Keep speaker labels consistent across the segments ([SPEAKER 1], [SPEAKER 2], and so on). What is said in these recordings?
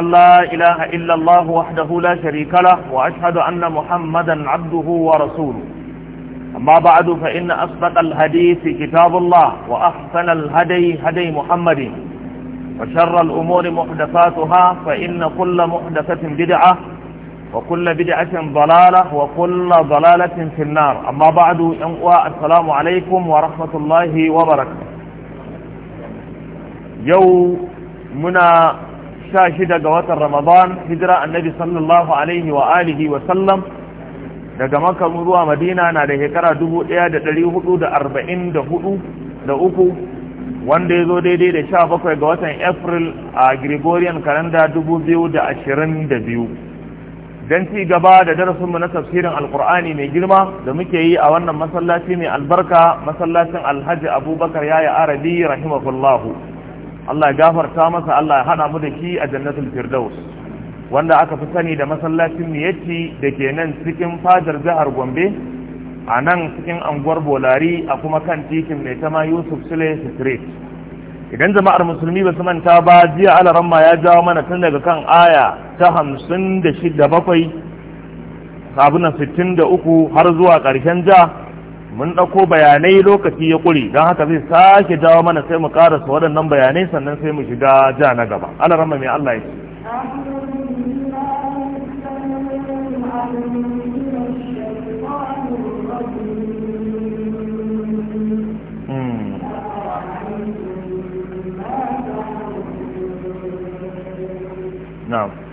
[SPEAKER 1] لا إله إلا الله وحده لا شريك له وأشهد أن محمدا عبده ورسوله أما بعد فإن أصدق الحديث كتاب الله وأحسن الهدي هدي محمد وشر الأمور محدثاتها فإن كل محدثة بدعة وكل بدعة ضلالة وكل ضلالة في النار أما بعد السلام عليكم ورحمة الله وبركاته يوم منا sha shida ga watan ramadan hijira annabi sallallahu alaihi wa alihi wa sallam daga makka zuwa madina na da shekara 1444 da uku wanda ya zo daidai da sha bakwai ga watan april a gregorian kalanda biyu. don ci gaba da darasinmu na tafsirin alkur'ani mai girma da muke yi a wannan masallaci mai albarka masallacin alhaji abubakar yaya arabi rahimahullahu Allah ya gafarta masa Allah ya hada mu da shi a jannatul firdaus wanda aka fi sani da masallacin niyyati da ke nan cikin fadar jihar gombe a nan cikin anguwar bolari a kuma kan titin mai tama yusuf sule street idan jama'ar musulmi ba su manta ba jiya ramma ya jawo mana tun daga kan aya ta hamsin da shida bakwai uku har zuwa ƙarshen ja mun ɗauko bayanai lokaci ya ƙuri don haka zai sake jawo mana sai mu su waɗannan bayanai sannan sai mu shiga ja na gaba alarama mai Allah ya ce hmm.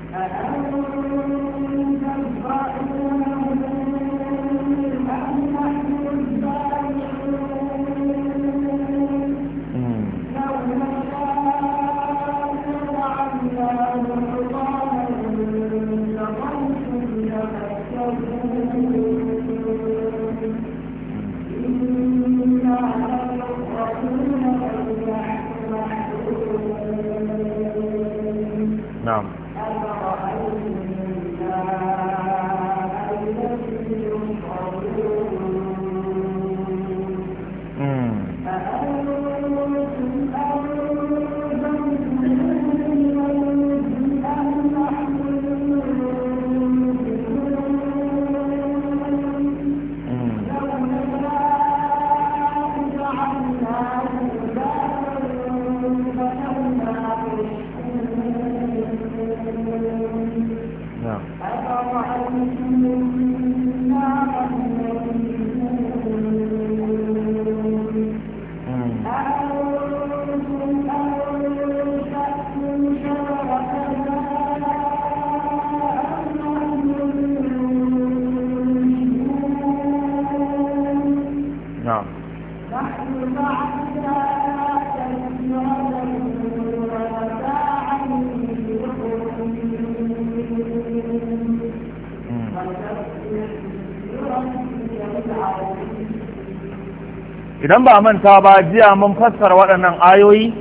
[SPEAKER 1] idan ba manta ba jiya mun fassara waɗannan ayoyi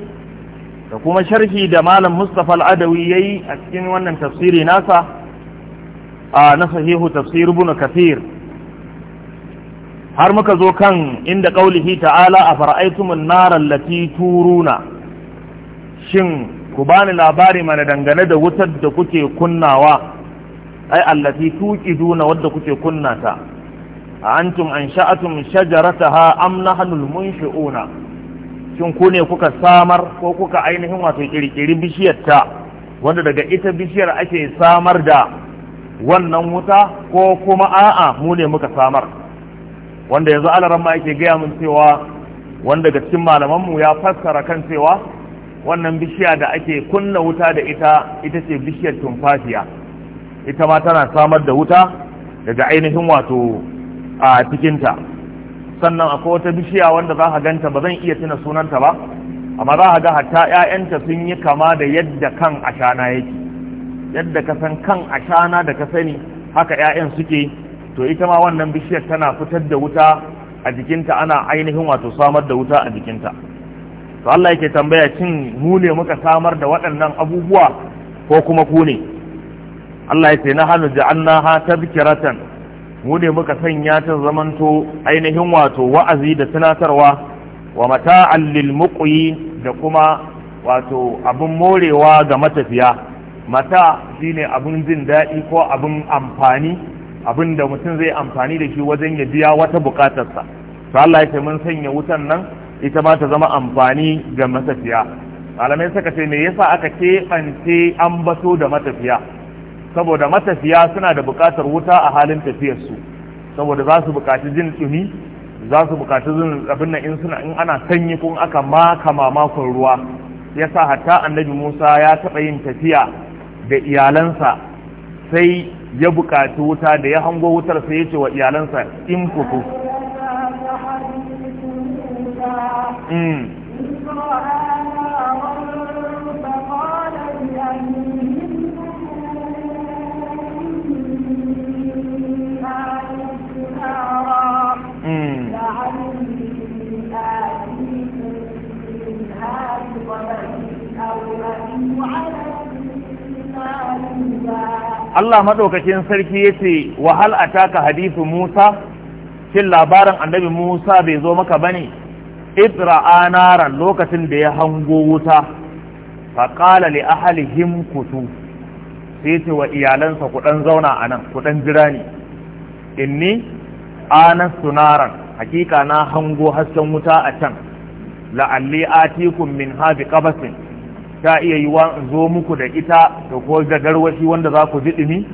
[SPEAKER 1] da kuma sharhi da malam Mustapha al-Adawi yayi a cikin wannan tafsiri nasa a na sahihu tafsir ibn kathir har muka zo kan inda qaulihi ta'ala afara'aytumun nara allati turuna shin ku bani labari mana dangane da wutar da kuke kunnawa ai allati tuqiduna wadda kuke kunnata antum ansha'atum shajarataha am nahnu almunshi'una shin ku ne kuka samar ko kuka ainihin wato kirkiri bishiyar ta wanda daga ita bishiyar ake samar da wannan wuta ko kuma a'a mu ne muka samar wanda yanzu alaran ma yake gaya mun cewa wanda ga cikin malamanmu ya fassara kan cewa wannan bishiya da ake kunna wuta da ita ita ce bishiyar tumfafiya ita ma tana samar da wuta daga ainihin wato a cikinta sannan akwai wata bishiya wanda za ka ganta ba zan iya tuna sunanta ba amma za ka ga hatta 'ya'yanta sun yi kama da yadda kan ashana yake yadda ka san kan ashana da ka sani haka 'ya'yan suke to ita ma wannan bishiyar tana fitar da wuta a jikinta ana ainihin wato samar da wuta a jikinta to Allah yake tambaya cin mu ne muka samar da waɗannan abubuwa ko kuma ku ne Allah ya ce na hannu ha tazkiratan mu ne muka sanya ta zamanto ainihin wato wa'azi da tunatarwa wa mata'an lil muqyi da kuma wato abun morewa ga matafiya mata shine abun jin daɗi ko abun amfani abin da mutum zai amfani da shi wajen ya biya wata bukatarsa to Allah ya ce mun sanya wutan nan ita ma ta zama amfani ga matafiya malamai suka ce me yasa aka keɓance ambato da matafiya saboda matafiya suna da bukatar wuta a halin tafiyarsu saboda za su buƙaci jin tsumi za su buƙaci jin abin in suna in ana sanyi kun aka maka mamakon ruwa ya sa hatta annabi musa ya taɓa yin tafiya da iyalansa sai ya bukaci wuta da ya hango wutar sai ya ce wa iyalansa in kuku hmm. Allah maɗaukakin sarki ya ce wahal a taka hadisu Musa shin labarin annabi Musa bai zo maka bane itra anaran lokacin da ya hango wuta faƙala li ahalihim kutu sai ce wa iyalansa kuɗan zauna a nan ku ɗan jira ni inni ana sunaran hakika na hango hasken wuta a can la'alli atikum min habi qabasin ta iya yi zo muku da ita da ko da garwashi wanda za ku ji ɗumi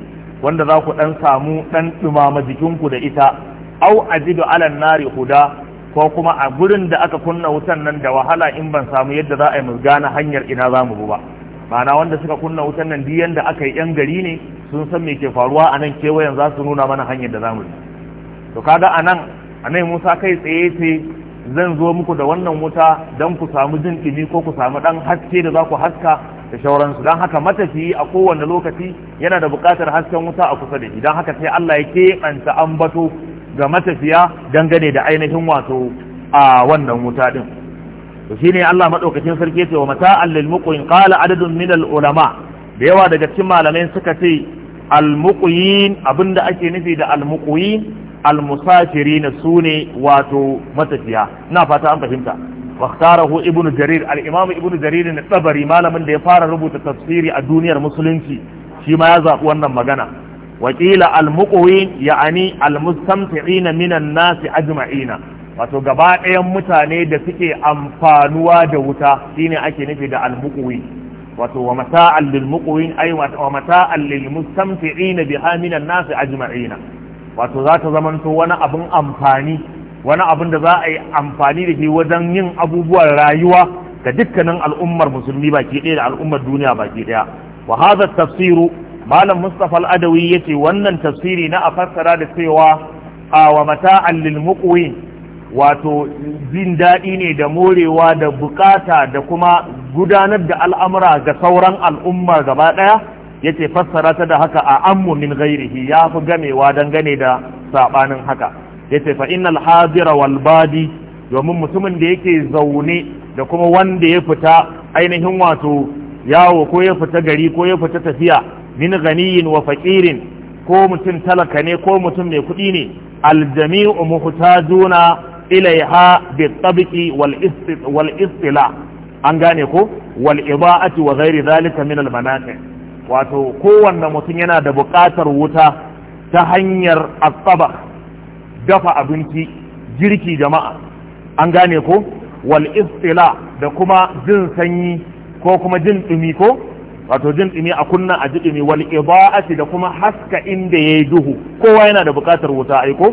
[SPEAKER 1] wanda za ku ɗan samu ɗan ɗumama jikinku da ita au ajidu alan nari huda ko kuma a gurin da aka kunna wutan nan da wahala in ban samu yadda za a yi gane hanyar ina za mu ba ma'ana wanda suka kunna wutan nan di yanda aka yi yan gari ne sun san me ke faruwa a nan kewayen za su nuna mana hanyar da za mu bi to kaga a nan anai musa kai tsaye sai zan zo muku da wannan wuta don ku samu jin ɗumi ko ku samu ɗan haske da za ku haska da shauransu don haka matafiyi a kowane lokaci yana da buƙatar hasken wuta a kusa da shi don haka sai Allah ya ke keɓanta ambato ga matafiya dangane da ainihin wato a wannan wuta ɗin to shine Allah maɗaukacin sarki ce wa mata allil muqin qala adadun min al ulama da yawa daga cikin malamai suka ce al muqin abinda ake nufi da al al-musafirina sune wato matafiya na fata an fahimta واختاره jarir جرير الامام jarir na الطبري malamin da ya fara rubuta tafsiri a duniyar musulunci shi ma ya zabi wannan magana wakila almuqwin ya'ani almustamti'in minan nasi ajma'ina wato gaba ɗayan mutane da suke amfanuwa da wuta shine ake nufi da almuqwi wato wa mata'al lilmuqwin ay wa mata'al lilmustamti'in biha minan nasi ajma'ina wato za ta zamanto wani abin amfani wani abin da za a yi amfani da shi wajen yin abubuwan rayuwa ga dukkanin al'ummar musulmi baki ɗaya da al'ummar duniya baki ɗaya wa hadha tafsiru malam mustafa al-adawi yace wannan tafsiri na a fassara da cewa a wa mata'an lil muqwin wato jin daɗi ne da morewa da bukata da kuma gudanar da al'amura ga sauran al'ummar gaba ɗaya yace fassara ta da haka a ammu min ghairihi ya fi gamewa dangane da sabanin haka yace fa innal hadira wal domin mutumin da yake zaune da kuma wanda ya fita ainihin wato yawo ko ya fita gari ko ya fita tafiya min ganiyin wa faƙirin ko mutum talaka ne ko mutum mai kuɗi ne aljami'u muhtajuna ilaiha bi tabiqi wal istila an gane ko wal ibaati wa ghairi zalika min al manaqib wato kowanne mutum yana da buƙatar wuta ta hanyar asaba dafa abinci girki jama'a an gane ko wal istila da kuma jin sanyi ko kuma jin dumi ko wato jin dumi a kunna a ji dumi wal ibaati da kuma haska inda yayi duhu kowa yana da buƙatar wuta ai ko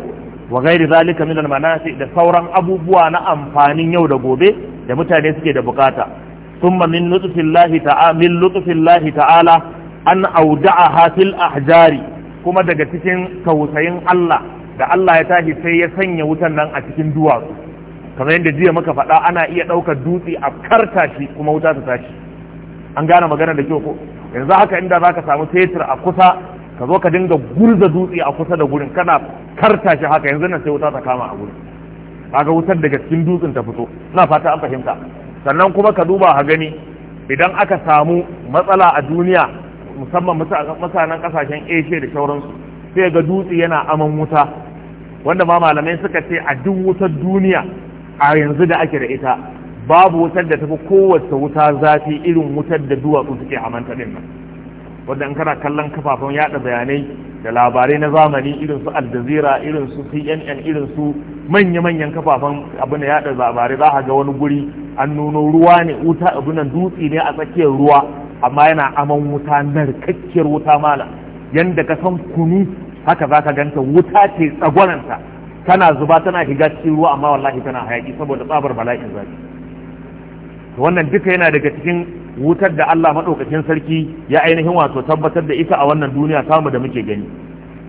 [SPEAKER 1] wa gairi zalika min manasi da sauran abubuwa na amfanin yau da gobe da mutane suke da bukata summa min lutfillahi ta'ala ta'ala an auda'a hafil jari kuma daga cikin tausayin Allah da Allah ya tashi sai ya sanya wutan nan a cikin duwatsu kamar yadda jiya muka faɗa ana iya ɗaukar dutse a karta shi kuma wuta ta tashi an gane magana da kyau ko yanzu haka inda za ka samu fetur a kusa ka zo ka dinga gurza dutse a kusa da gurin kana karta shi haka yanzu nan sai wuta ta kama a gurin kaga wutar daga cikin dutsen ta fito ina fata an fahimta sannan kuma ka duba ha gani idan aka samu matsala a duniya musamman mutanen kasashen asia da sauransu sai ga dutse yana aman wuta wanda ma malamai suka ce a duk wutar duniya a yanzu da ake da ita babu wutar da tafi kowace wuta zafi irin wutar da duwatsu suke amanta din nan wanda in kana kallon kafafen yada bayanai da labarai na zamani irin su aljazira irin su cnn irin su manya-manyan kafafen abin da yada labarai za ga wani guri an nuno ruwa ne wuta nan dutse ne a tsakiyar ruwa amma yana aman wuta narkakkiyar wuta mala yadda ka san kunu haka za ka ganta wuta ce tsagwaranta tana zuba tana shiga cikin ruwa amma wallahi tana hayaki saboda tsabar bala'in zafi wannan duka yana daga cikin wutar da Allah maɗaukacin sarki ya ainihin wato tabbatar da ita a wannan duniya samu da muke gani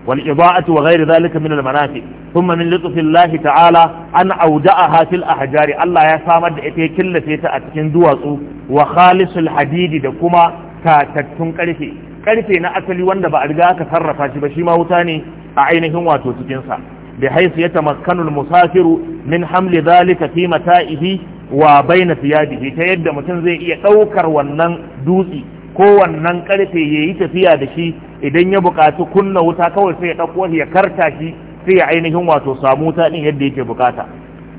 [SPEAKER 1] والإضاءة وغير ذلك من المنافع ثم من لطف الله تعالى أن أودعها في الأحجار الله يسامد إتي كل سيتا أتكين دواسو وخالص الحديد دكما كاتتون كالفي كالفي نأتلي واند بأرقاك تصرفا شبشيما وتاني أعينهم واتو تكينسا بحيث يتمكن المسافر من حمل ذلك في متائه وبين ثيابه تيد متنزي إيه أوكر ونن دوسي kowannan karfe ya yi tafiya da shi idan ya buƙaci kunna wuta kawai sai ya ɗauko ya karta shi sai ya ainihin wato samu wuta ɗin yadda yake buƙata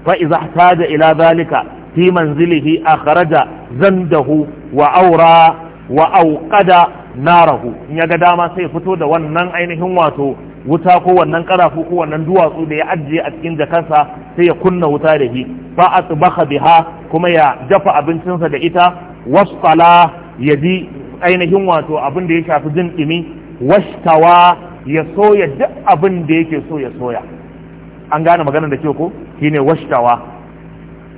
[SPEAKER 1] fa iza hataja ila zalika fi manzilihi akhraja zandahu wa aura wa auqada narahu in ya ga dama sai fito da wannan ainihin wato wuta ko wannan karafu ko wannan duwatsu da ya ajiye a cikin jakansa sai ya kunna wuta da shi fa asbaha biha kuma ya dafa abincinsa da ita wasfala ya bi ainihin wato abin da ya shafi jin dimi, washtawa ya soya duk abin da yake so ya soya an gane maganar da ke ko shine washtawa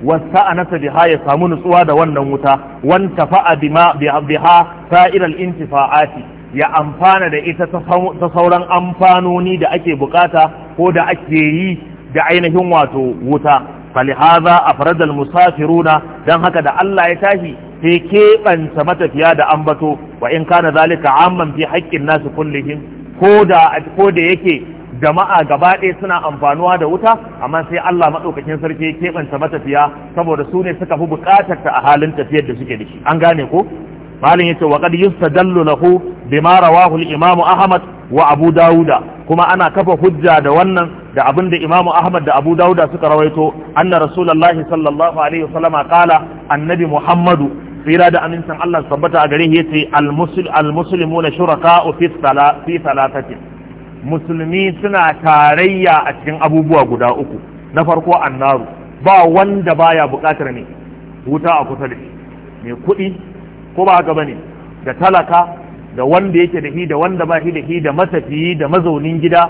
[SPEAKER 1] wasa a biha ya samu nutsuwa da wannan wuta wan tafa'a biha inci intifa'ati ya amfana da ita ta sauran amfanoni da ake bukata ko da ake yi da ainihin wato wuta falihaza a faradar musafiruna don haka da Allah ya tashi sai keɓanta matafiya da ambato wa in kana zalika amman fi haƙƙin nasu kullihin? ko da ko da yake jama'a gaba ɗaya suna amfanuwa da wuta amma sai Allah maɗaukakin sarki ya keɓanta matafiya saboda su ne suka fi buƙatar ta a halin tafiyar da suke da shi an gane ko malin yace wa qad yustadallu lahu bima rawahu al-imam Ahmad wa Abu Dawuda kuma ana kafa hujja da wannan da abin da Imam Ahmad da Abu Dawuda suka rawaito anna Rasulullahi sallallahu alaihi wasallama qala annabi Muhammadu tsira da amincin Allah su tabbata a gare shi yace al-muslimu na shuraka fi fi musulmi suna tarayya a cikin abubuwa guda uku na farko annaru ba wanda baya bukatar ne wuta a kusa da shi Me kuɗi ko ba gaba bane da talaka da wanda yake da shi da wanda ba da shi da matafiyi da mazaunin gida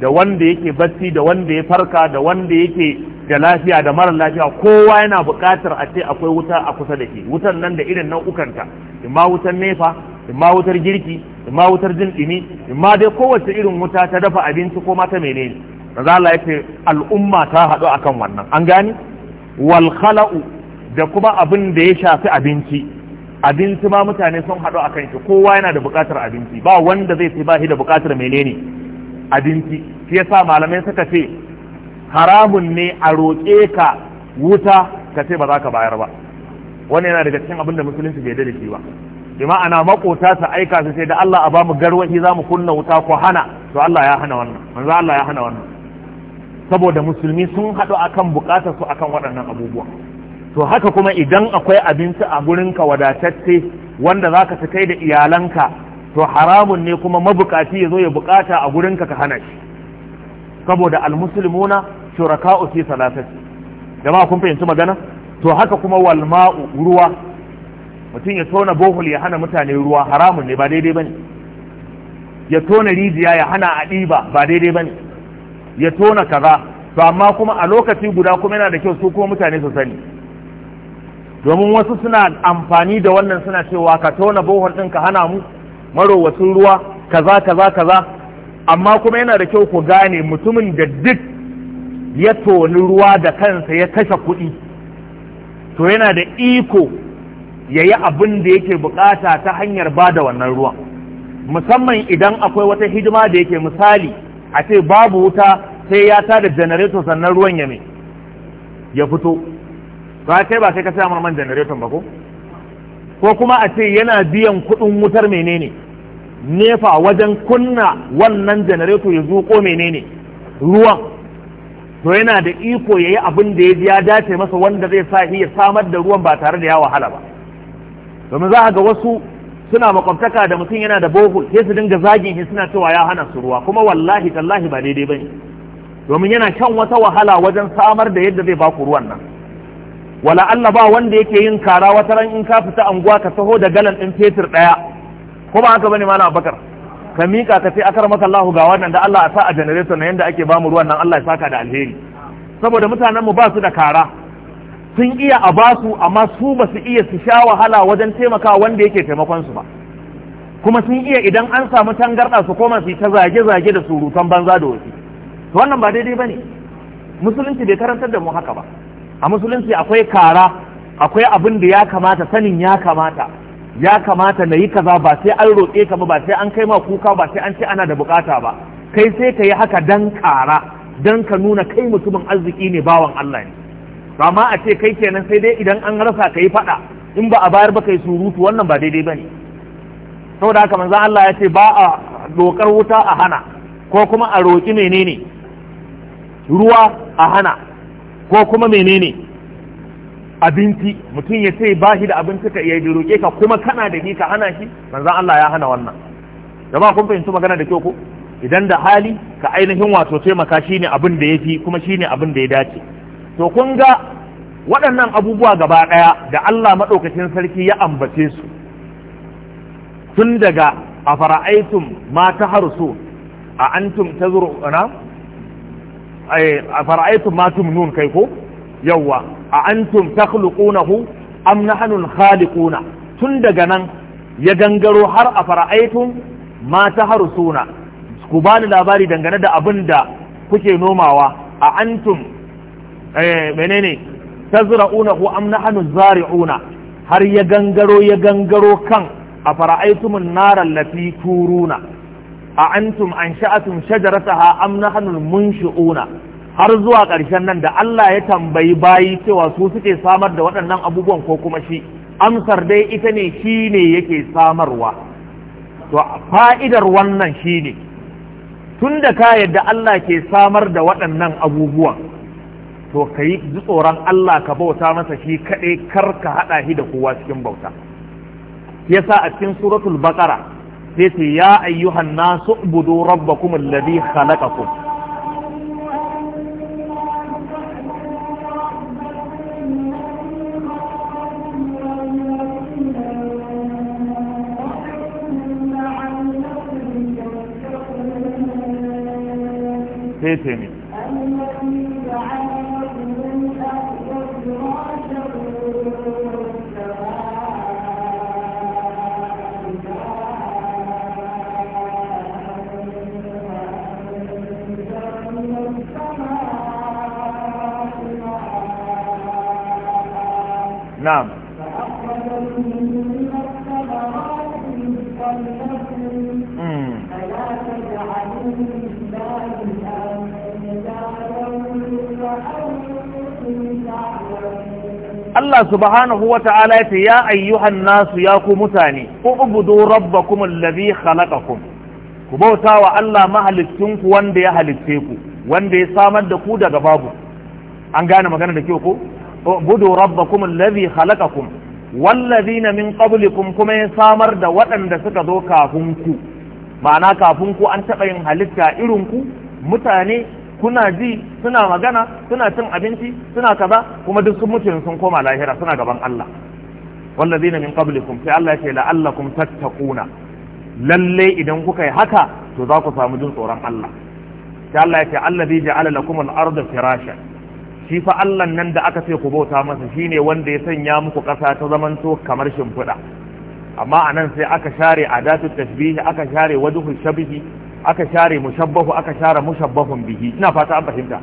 [SPEAKER 1] da wanda yake bacci da wanda ya farka da wanda yake da lafiya da mara lafiya kowa yana buƙatar a ce akwai wuta a kusa da ke wutar nan da irin nau'ukanta imma wutan nefa imma wutar girki imma wutar jin ɗini imma dai kowace irin wuta ta dafa abinci ko mata menene za Allah yace al'umma ta haɗu akan wannan an gani wal khala'u da kuma abin da ya shafi abinci abinci ma mutane sun haɗu akan shi kowa yana da buƙatar abinci ba wanda zai ce ba shi da buƙatar menene abinci shi yasa malamai suka ce haramun ne a roƙe ka wuta ka ce ba za ka bayar ba wani yana daga cikin abin da musulunci bai da shi ba bi ma'ana makota ta aika su sai da Allah a ba mu garwahi za mu kunna wuta ko hana to Allah ya hana wannan manzo Allah ya hana wannan saboda musulmi sun haɗu akan bukatar su akan waɗannan abubuwa to haka kuma idan akwai abinci a gurinka wadatacce wanda zaka ka kai da iyalanka to haramun ne kuma mabukaci ya zo ya bukata a gurinka ka hana shi saboda almusulmuna shuraka'u fi salatati jama'a kun fahimci magana to haka kuma walma'u ruwa mutum ya tona bohol ya hana mutane ruwa haramun ne ba daidai bane ya tona rijiya ya hana a ɗiba ba daidai bane ya tona kaza to amma kuma a lokaci guda kuma yana da kyau su kuma mutane su sani domin wasu suna amfani da wannan suna cewa ka tona bohol ɗin ka hana mu maro wasu ruwa kaza kaza kaza amma kuma yana da kyau ku gane mutumin da duk ya toni ruwa da kansa ya kashe kuɗi to yana da iko ya yi abin da yake bukata ta hanyar ba da wannan ruwan musamman idan akwai wata hidima da yake misali a ce babu wuta sai ya tada janareto sannan ruwan ya mai ya fito ba kai ba sai ka sa man janareton ba ko ko kuma a ce yana biyan kuɗin wutar menene nefa wajen kunna wannan janareto ya zuƙo menene ruwan to yana da iko ya yi abin da ya ya dace masa wanda zai sa iya samar da ruwan ba tare da ya wahala ba domin za a ga wasu suna makwabtaka da mutum yana da bohol sai su dinga zagin shi suna cewa ya hana su ruwa kuma wallahi tallahi ba daidai ba ne domin yana shan wata wahala wajen samar da yadda zai baku ruwan nan wala Allah ba wanda yake yin kara wata ran in ka fita anguwa ka taho da galan din fetur daya kuma haka bane malam abakar. ka mika ka sai akar maka Allah ga wannan da Allah a sa a generator na yanda ake bamu ruwan nan Allah ya saka da alheri saboda mutanen mu ba su da kara sun iya a ba su amma su ba su iya su sha wahala wajen taimaka wanda yake taimakon su ba kuma sun iya idan an samu tangarda su koma su ta zage zage da surutan banza da wasu to wannan ba daidai bane musulunci bai karantar da mu haka ba a musulunci akwai kara akwai abin da ya kamata sanin ya kamata ya kamata na yi kaza ba sai an roƙe ka ba ba sai an kai ma kuka ba sai an ce ana da bukata ba kai sai ka yi haka dan ƙara dan ka nuna kai mutumin arziki ne bawan Allah ne amma a ce kai kenan sai dai idan an rasa ka yi faɗa in ba a bayar ba kai surutu wannan ba daidai ba ne saboda haka manzan Allah ya ce ba a dokar wuta a hana ko kuma a roƙi menene ruwa a hana ko kuma menene abinci mutum ya ce ba shi da abinci ka iya roƙe ka kuma kana da ni ka hana shi manzon Allah ya hana wannan jama'a kun fahimci magana da kyau ko idan da hali ka ainihin wato taimaka shine abin da fi kuma shine abin da ya dace to kun ga waɗannan abubuwa gaba ɗaya da Allah maɗaukacin sarki ya ambace su tun daga a fara'aitum ma ta harsu a antum ta zuru na a fara'aitum ma tumnun kai ko yawwa a antum takhluqunahu am nahnu khaliquna tun daga nan ya gangaro har a fara'aitun ma taharusuna ku bani labari dangane da abin da kuke nomawa a antum eh menene tazra'unahu am nahnu zari'una har ya gangaro ya gangaro kan a fara'aitumun narar lati turuna a antum an sha'atum shajarataha am nahnu munshi'una har zuwa ƙarshen nan da Allah ya tambayi bayi cewa su suke samar da waɗannan abubuwan ko kuma shi amsar dai ita ne shi ne yake samarwa to fa'idar wannan shi ne tun da ka yadda Allah ke samar da waɗannan abubuwan to ka yi tsoron Allah ka bauta masa shi kaɗai kar ka haɗa shi da kowa cikin bauta yasa a cikin suratul baƙara sai ya ayyuhan nasu budu rabbakum alladhi khalaqakum
[SPEAKER 2] sai ce ne
[SPEAKER 3] Allah
[SPEAKER 1] subhanahu wa ta'ala ya ce ya ayyuhan nasu ya ku mutane ubudu rabbakum allazi khalaqakum ku bauta wa Allah mahalicinku wanda ya halicce ku wanda ya samar da ku daga babu an gane magana da kyau ko ubudu rabbakum allazi khalaqakum wallazina min qablikum kuma ya samar da waɗanda suka zo kafin ku ma'ana kafin ku an taɓa yin halitta irin ku mutane kuna ji suna magana suna cin abinci suna kaza kuma duk sun mutu sun koma lahira suna gaban Allah wallazina min qablikum sai Allah ya ce la'allakum tattaquna lalle idan kuka yi haka to za ku samu jin tsoron Allah sai Allah ya ce allazi ja'ala lakum al-ardha firashan shi fa Allah nan da aka ce ku bauta masa shine wanda ya sanya muku ƙasa ta zamanto kamar shimfiɗa amma anan sai aka share adatu tashbih aka share wajhu shabihi aka share mushabbahu aka share mushabbahun bihi ina fata an fahimta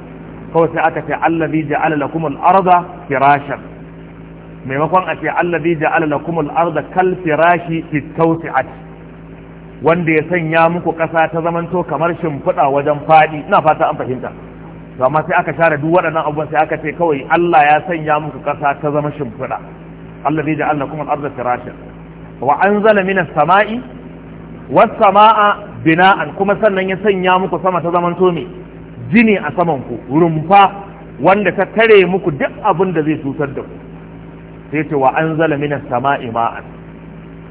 [SPEAKER 1] kawai sai aka ce allazi ja'ala lakum al-arda firashan maimakon a ce allazi ja'ala lakum al-arda kal firashi fi tawsi'at wanda ya sanya muku kasa ta zamanto kamar shimfiɗa wajen fadi ina fata an fahimta to amma sai aka share duk waɗannan abubuwan sai aka ce kawai Allah ya sanya muku kasa ta zama shimfiɗa allazi ja'ala lakum al-arda firashan wa anzala minas sama'i was sama'a bina'an kuma sannan ya sanya muku sama ta zaman tome jini a saman ku rumfa wanda ta tare muku duk abin da zai cutar da ku sai ce wa an zala minas sama'i ma'an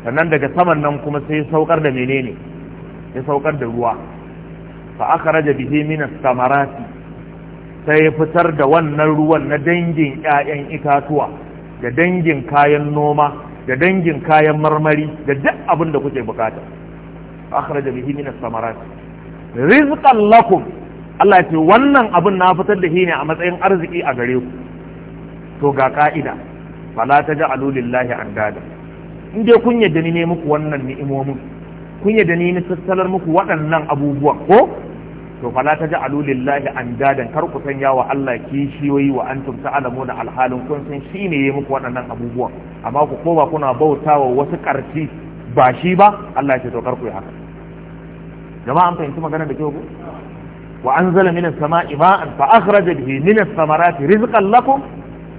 [SPEAKER 1] sannan daga saman nan kuma sai saukar da menene ya saukar da ruwa fa aka raja bihe minas samarati sai ya fitar da wannan ruwan na dangin 'ya'yan itatuwa da dangin kayan noma da dangin kayan marmari da duk abin da kuke bukata akhraja bihi min as-samarat rizqan lakum Allah ce wannan abin na fitar da shi ne a matsayin arziki a gare ku to ga ka'ida fala taj'alu lillahi andada in dai kun yadda ni ne muku wannan ni'imomin kun yadda ni ne muku waɗannan abubuwan ko to fala taj'alu lillahi andadan kar ku sanya wa Allah kishiyoyi wa antum da alhalin kun san shi ne ya muku waɗannan abubuwan amma ku koma kuna bautawa wasu ƙarfi ba shi ba Allah ya ce to kar ku yi haka jama'a an fahimci magana da kyau wa anzala minas sama'i ma'an fa akhraja bihi minas samarati rizqan lakum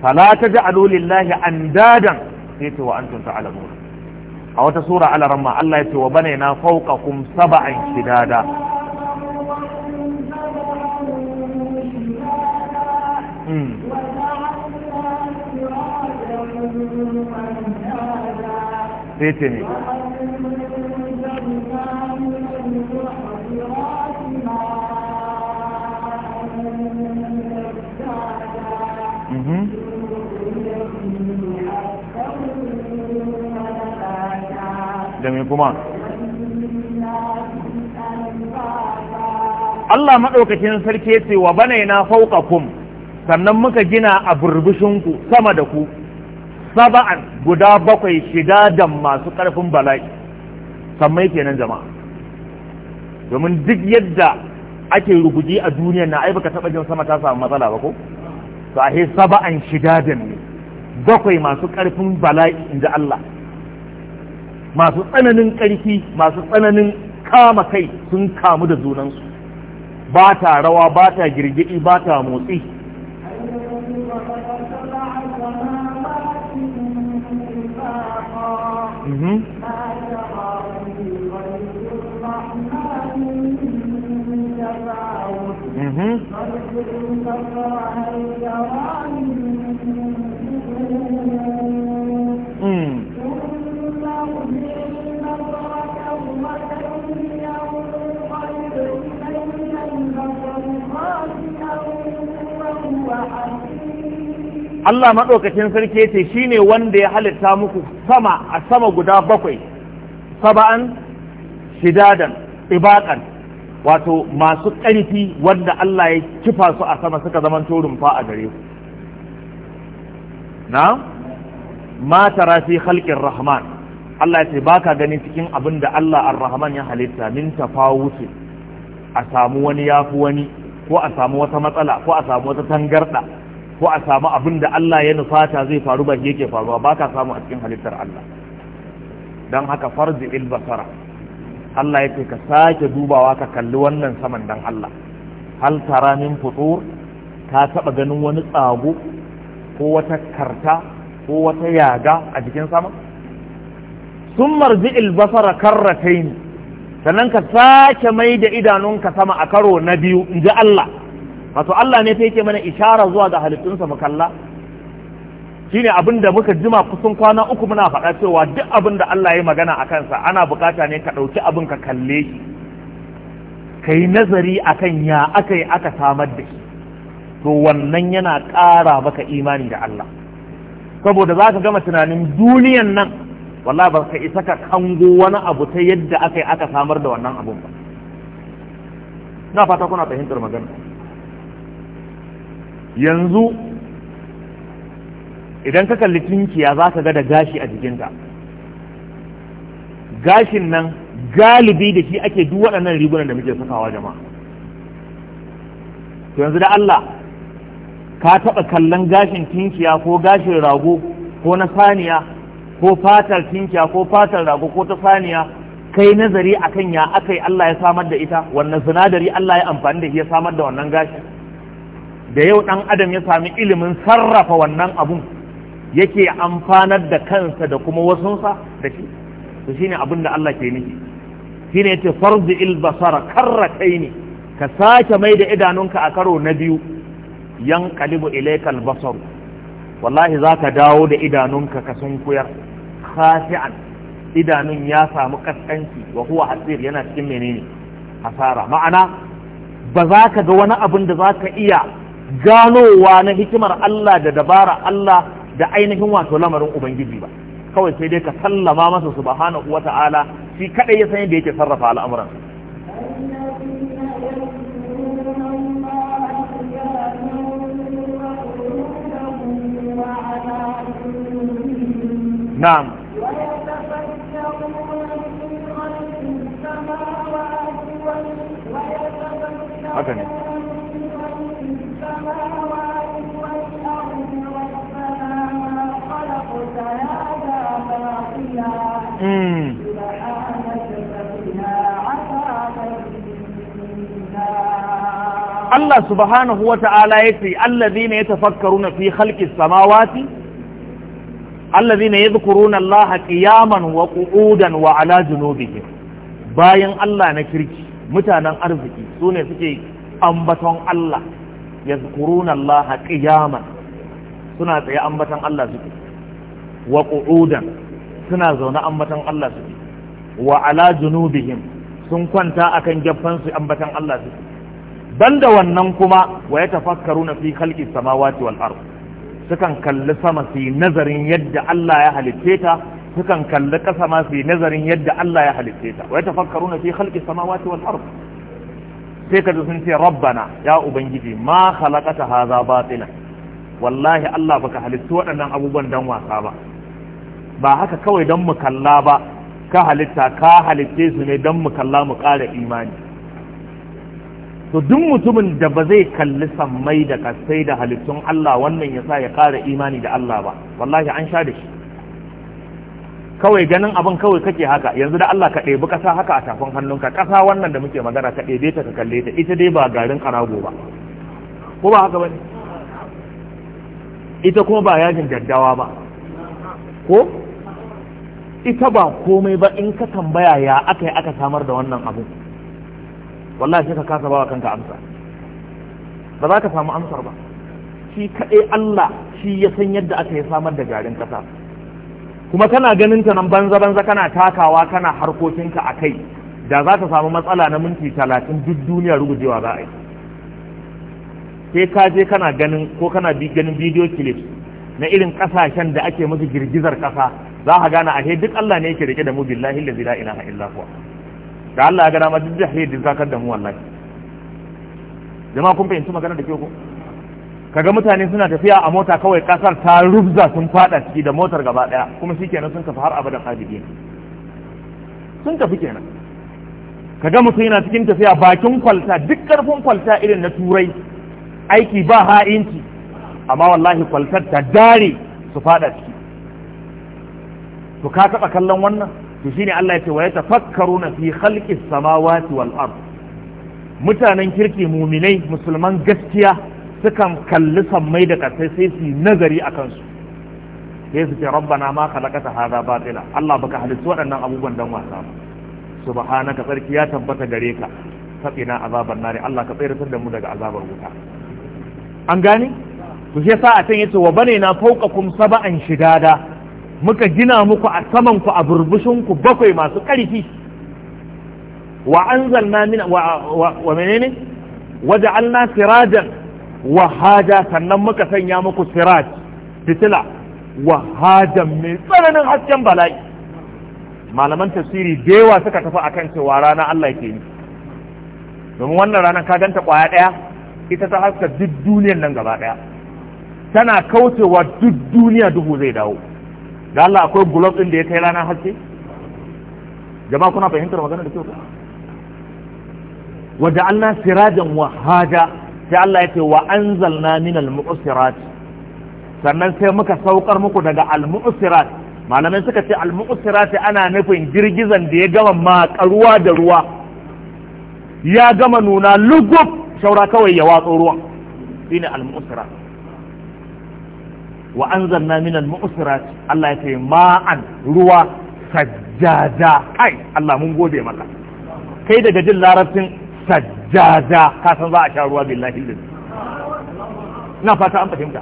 [SPEAKER 1] fala taj'alu lillahi andadan sai ce wa antum ta'lamun a wata sura ala ramma Allah
[SPEAKER 3] ya ce wa Mm-hmm. da kuma
[SPEAKER 1] Allah maɗaukacin sarki ya ce wa bane na fauka kum sannan muka gina a burbushinku sama da ku saba'an guda bakwai shida da masu ƙarfin bala'i sammai kenan jama'a domin duk yadda ake ruguji a duniya na ai taɓa jin sama ta samu matsala ba ko to ahe saba'an shidadin bakwai masu ƙarfin bala'i inda Allah masu tsananin ƙarfi masu tsananin kama kai sun kamu da zunansu ba ta rawa ba ta girgidi ba ta motsi
[SPEAKER 3] mm -hmm. Mm-hmm. Mm.
[SPEAKER 1] Allah maɗaukacin sarki ce shi ne wanda ya halitta muku sama a sama guda bakwai, saba'an, shidadan, ibaƙan, wato masu ƙarfi wanda Allah ya kifa su a sama suka zama rumfa fa a gare ku na mata rafi halƙin rahman Allah ya ce baka gani cikin abin da Allah ar-rahman ya halitta min tafawuti a samu wani yafi wani ko a samu wata matsala ko a samu wata tangarda ko a samu abin da Allah ya nufata zai faru ba yake faruwa baka samu a cikin halittar Allah don haka farzi il basara Allah ya ce ka sake dubawa ka kalli wannan saman dan Allah hal tara min futur ka taba ganin wani tsago ko wata karta ko wata yaga a jikin sama sun marji albasara karratain sannan ka sake mai da idanunka sama a karo na biyu in ji Allah wato Allah ne ta yake mana ishara zuwa ga halittunsa mu kalla shine abin da muka jima kusan kwana uku muna faɗa cewa duk abin da Allah ya magana a kansa ana bukata ne ka ɗauki abin ka kalle shi ka yi nazari a kan ya aka yi aka samar da shi to wannan yana ƙara maka imani da Allah saboda za ka gama tunanin duniyan nan walla ba ka isa ka kango wani abu ta yadda aka yi aka samar da wannan abun ba na fata kuna fahimtar magana yanzu idan ka kalli tunkiya za ka ga da gashi a jikinta gashin nan galibi da shi ake duk waɗannan rigunan da muke sakawa jama'a to yanzu da Allah ka taɓa kallon gashin tunkiya ko gashin rago ko na saniya ko fatar tunkiya ko fatar rago ko ta saniya kai nazari akan ya aka Allah ya samar da ita wannan sinadari Allah ya amfani da shi ya samar da wannan gashin da yau ɗan adam ya sami ilimin sarrafa wannan abun yake amfanar da kansa da kuma wasunsa da shi to shine abin da Allah ke nufi shine yace farzi il basara karrataini ka sake mai da idanunka a karo na biyu yan kalibu ilaykal basar wallahi zaka dawo da idanunka ka kuyar khasi'an idanun ya samu kaskanci wa huwa hasir yana cikin menene hasara ma'ana ba za ka ga wani abin da za ka iya ganowa na hikimar Allah da dabara Allah da ainihin wato lamarin ubangiji ba kawai sai dai ka sallama masa su subhanahu ala shi kaɗai ya san yadda yake sarrafa al'amuran na'am
[SPEAKER 3] haka ne Hmm.
[SPEAKER 1] Allah subhanahu wa ta'ala ya ce, Allazi ne ya tafakkaru na fi halƙis samawati, Allazi ne ya zukuru na Allah ƙiyaman wa ƙu'udan wa ala junubihim bayan Allah na kirki, mutanen arziki su ne suke ambaton Allah, ya zukuru na Allah ƙiyaman suna tsaye ambaton Allah suke, wa ƙu'udan suna zaune ambatan Allah suke wa ala junubihim sun kwanta akan gaffan su ambatan Allah suke banda wannan kuma wa ya tafakkaru na fi khalqi samawati wal ard sukan kalli sama su nazarin yadda Allah ya halitte ta sukan kalli ƙasa ma su nazarin yadda Allah ya halitte ta wa na fi khalqi samawati wal ard sai ka sun ce rabbana ya ubangiji ma khalaqata hadha batila wallahi Allah baka halittu waɗannan abubuwan dan wasa ba ba haka kawai don mu kalla ba ka halitta ka halitte su ne don mu kalla mu ƙara imani to duk mutumin da ba zai kalli sammai da kasai da halittun Allah wannan ya sa ya ƙara imani da Allah ba wallahi an sha da shi kawai ganin abin kawai kake haka yanzu da Allah ka ɗebi ƙasa haka a tafin hannunka ƙasa wannan da muke magana ka ɗebe ta ka kalle ta ita dai ba garin ƙarago ba ko ba haka ba ita kuma ba yajin daddawa ba ko ita ba komai ba in ka tambaya ya aka yi aka samar da wannan abu wallahi sai ka kasa ba wa kanka amsa ba za ka samu amsar ba shi kaɗai Allah shi ya san yadda aka yi samar da garin ƙasa kuma kana ganin ta nan banza banza kana takawa kana harkokinka a kai da za ka samu matsala na minti talatin duk duniya rugujewa za a yi sai ka je kana ganin ko kana ganin bidiyo clips na irin ƙasashen da ake musu girgizar ƙasa za a gana a duk Allah ne yake rike da mu billahi allazi la ilaha illa huwa da Allah ya gana ma duk jahi duk zakar da mu wallahi jama'a kun fahimci magana da ke ku kaga mutane suna tafiya a mota kawai kasar ta rubza sun fada ciki da motar gaba daya kuma shikenan sun tafi har abada hajji sun tafi kenan kaga mutum yana cikin tafiya bakin kwalta duk karfin kwalta irin na turai aiki ba ha'inci amma wallahi kwaltar ta dare su fada ciki to ka taba kallon wannan to shine Allah ya ce wa na fi khalqis samawati wal ard mutanen kirki muminai musulman gaskiya sukan kalli sammai da kasai sai su nazari a kansu sai su ce rabbana ma khalaqata hadha batila Allah baka halitta waɗannan abubuwan dan wasa ba subhanaka tsarki ya tabbata gare ka fatina azaban nari Allah ka tsayar da mu daga azabar wuta an gane to shi yasa a can yace wa bane na fawqakum sab'an shidada muka gina muku a samanku a burbushinku bakwai masu ƙarfi wa anzalna min wa menene waja'alna sirajan wahaja sannan muka sanya muku siraj fitila wahajan mai tsananin hasken bala'i malaman tafsiri da suka tafi akan cewa rana Allah ke yi domin wannan ranar ka ganta kwaya daya ita ta haska duk duniyar nan gaba daya tana kaucewa duk duniya duhu zai dawo da Allah akwai gulob din da ya kai ranar haske jama'a kuna fahimtar magana da kyau wa ja'alna sirajan wa haja sai Allah yake wa anzalna min al-mu'sirat sannan sai muka saukar muku daga al-mu'sirat malamai suka ce al-mu'sirat ana nufin girgizan da ya gama makaruwa da ruwa ya gama nuna lugub shaura kawai ya watsa ruwan shine al-mu'sirat wa an anzalna minal mu'sirat Allah ya ce ma'an ruwa sajjada kai Allah mun gode maka kai daga jin larabcin sajjada ka san za a sha ruwa billahi lillahi na fata an fahimta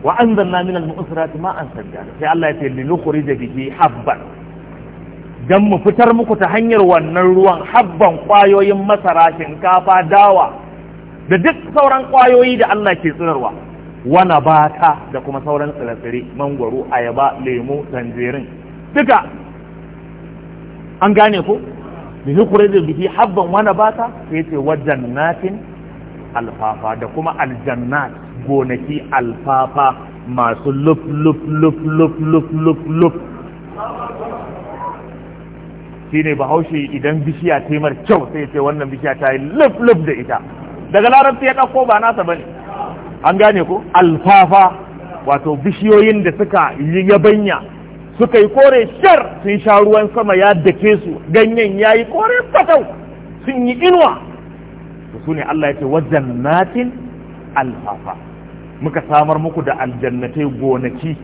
[SPEAKER 1] wa an anzalna minal mu'sirat ma'an sajjada sai Allah ya ce linukhrij bihi habban dan mu fitar muku ta hanyar wannan ruwan habban kwayoyin masara shinkafa dawa da duk sauran kwayoyi da Allah ke tsirarwa wana bata da kuma sauran tsire-tsire ayaba lemu tanzirin duka an gane ko bi kure da bihi habban wana bata sai ce wajen natin alfafa da kuma aljannat gonaki alfafa masu luf luf luf luf luf luf luf shine bahaushe idan bishiya ta yi kyau sai ce wannan bishiya ta yi luf luf da ita daga larabci ya ɗauko ba nasa bane an gane ku? alfafa wato bishiyoyin da suka yi yabanya suka yi kore shar sun sha ruwan sama ya dake su ganyen ya yi kore fatau sun yi inuwa su ne Allah ya ce wa jannatin alfafa muka samar muku da aljannatai gonaki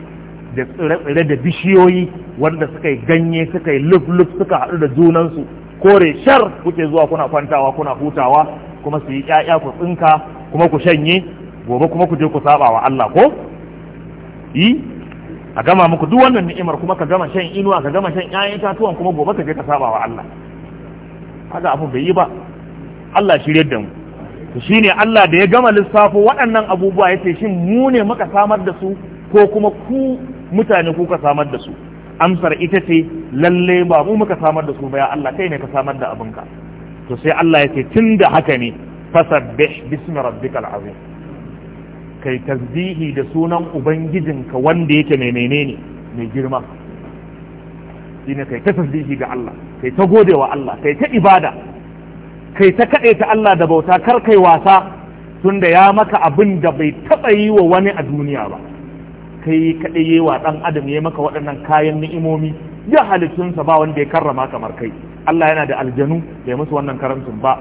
[SPEAKER 1] da tsire-tsire da bishiyoyi wanda suka yi ganye suka yi luf suka haɗu da junansu kore shar kuke zuwa kuna kwantawa kuna hutawa kuma su yi ƴaƴa ku tsinka kuma ku shanye gobe kuma ku je ku saba wa Allah ko yi a gama muku duk wannan ni'imar kuma ka gama shan inuwa ka gama shan ƴaƴan tatuwan kuma gobe ka je ka saba wa Allah haka abu bai yi ba Allah shi da mu to shine Allah da ya gama lissafo waɗannan abubuwa yace shin mu ne muka samar da su ko kuma ku mutane kuka samar da su amsar ita ce lalle ba mu muka samar da su ba ya Allah kai ne ka samar da abinka to sai Allah ya ce tunda haka ne fasabbih bismi rabbikal azim kai tasbihi da sunan ubangijin ubangijinka wanda yake mai menene mai girma shine kai ta tasbihi ga Allah kai ta gode wa Allah kai ta ibada kai ta ta Allah da bauta kar kai wasa tunda ya maka abin da bai taɓa yi wa wani a duniya ba kai kaɗai yi wa ɗan adam ya maka waɗannan kayan ni'imomi ya halittunsa ba wanda ya karrama kamar kai Allah yana da aljanu bai musu wannan karamcin ba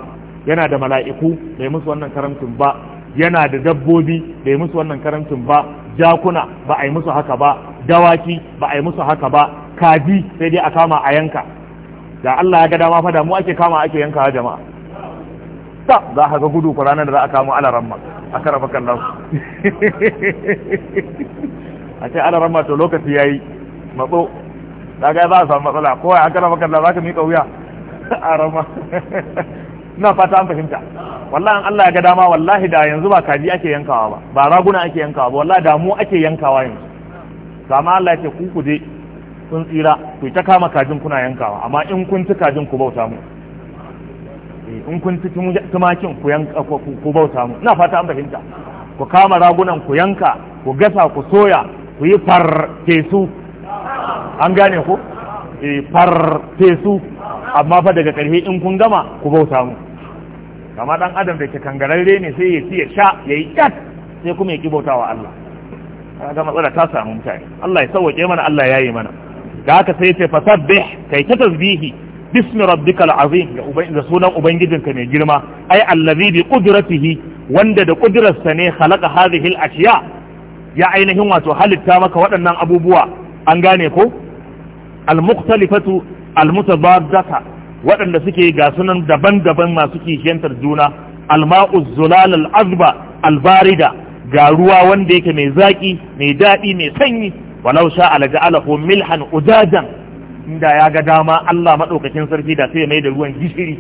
[SPEAKER 1] yana da mala'iku bai musu wannan karamcin ba yana da dabbobi bai musu wannan karancin ba jakuna ba a yi musu haka ba dawaki ba a yi musu haka ba kaji sai dai a kama a yanka da Allah ya ga dama fa mu ake kama ake yanka jama'a ta za ka ga gudu ku ranar da za a kama ala ramma a karafa kallon a ce ramma to lokaci yayi matso daga za a samu matsala ko a karafa kallon za ka miƙa wuya a rama ina fata an fahimta wallahi an Allah ya ga dama wallahi da yanzu ba kaji ake yankawa ba ba raguna ake yankawa ba wallahi da mu ake yankawa yanzu kama Allah ya ce ku ku je kun tsira ku ta kama kajin kuna yankawa amma in kun ci kajin ku bauta mu eh, in kun ci tumakin ku yanka ku bauta mu ina fata an fahimta ku kama ragunan ku yanka ku gasa ku soya ku yi farfesu an gane ku eh, farfesu amma fa daga ƙarfi in kun gama ku bauta mu amma dan adam da ke kangararre ne sai ya ci ya sha ya yi kat sai kuma ya ki wa Allah kaga matsala ta samu mutane Allah ya sauke mana Allah ya yi mana da haka sai ce fasabbih kai ta tasbihi bismi rabbikal azim da sunan ubangijinka mai girma ai allazi bi qudratihi wanda da kudirarsa ne khalaqa hadhihi al ashiya ya ainihin wato halitta maka waɗannan abubuwa an gane ko al mukhtalifatu al mutadaddata waɗanda suke ga sunan daban-daban masu kishiyantar juna alma'u zulal al'azba albarida ga ruwa wanda yake mai zaƙi mai daɗi mai sanyi walau sha ala milhan ujajan inda ya ga dama Allah madaukakin sarki da sai mai da ruwan gishiri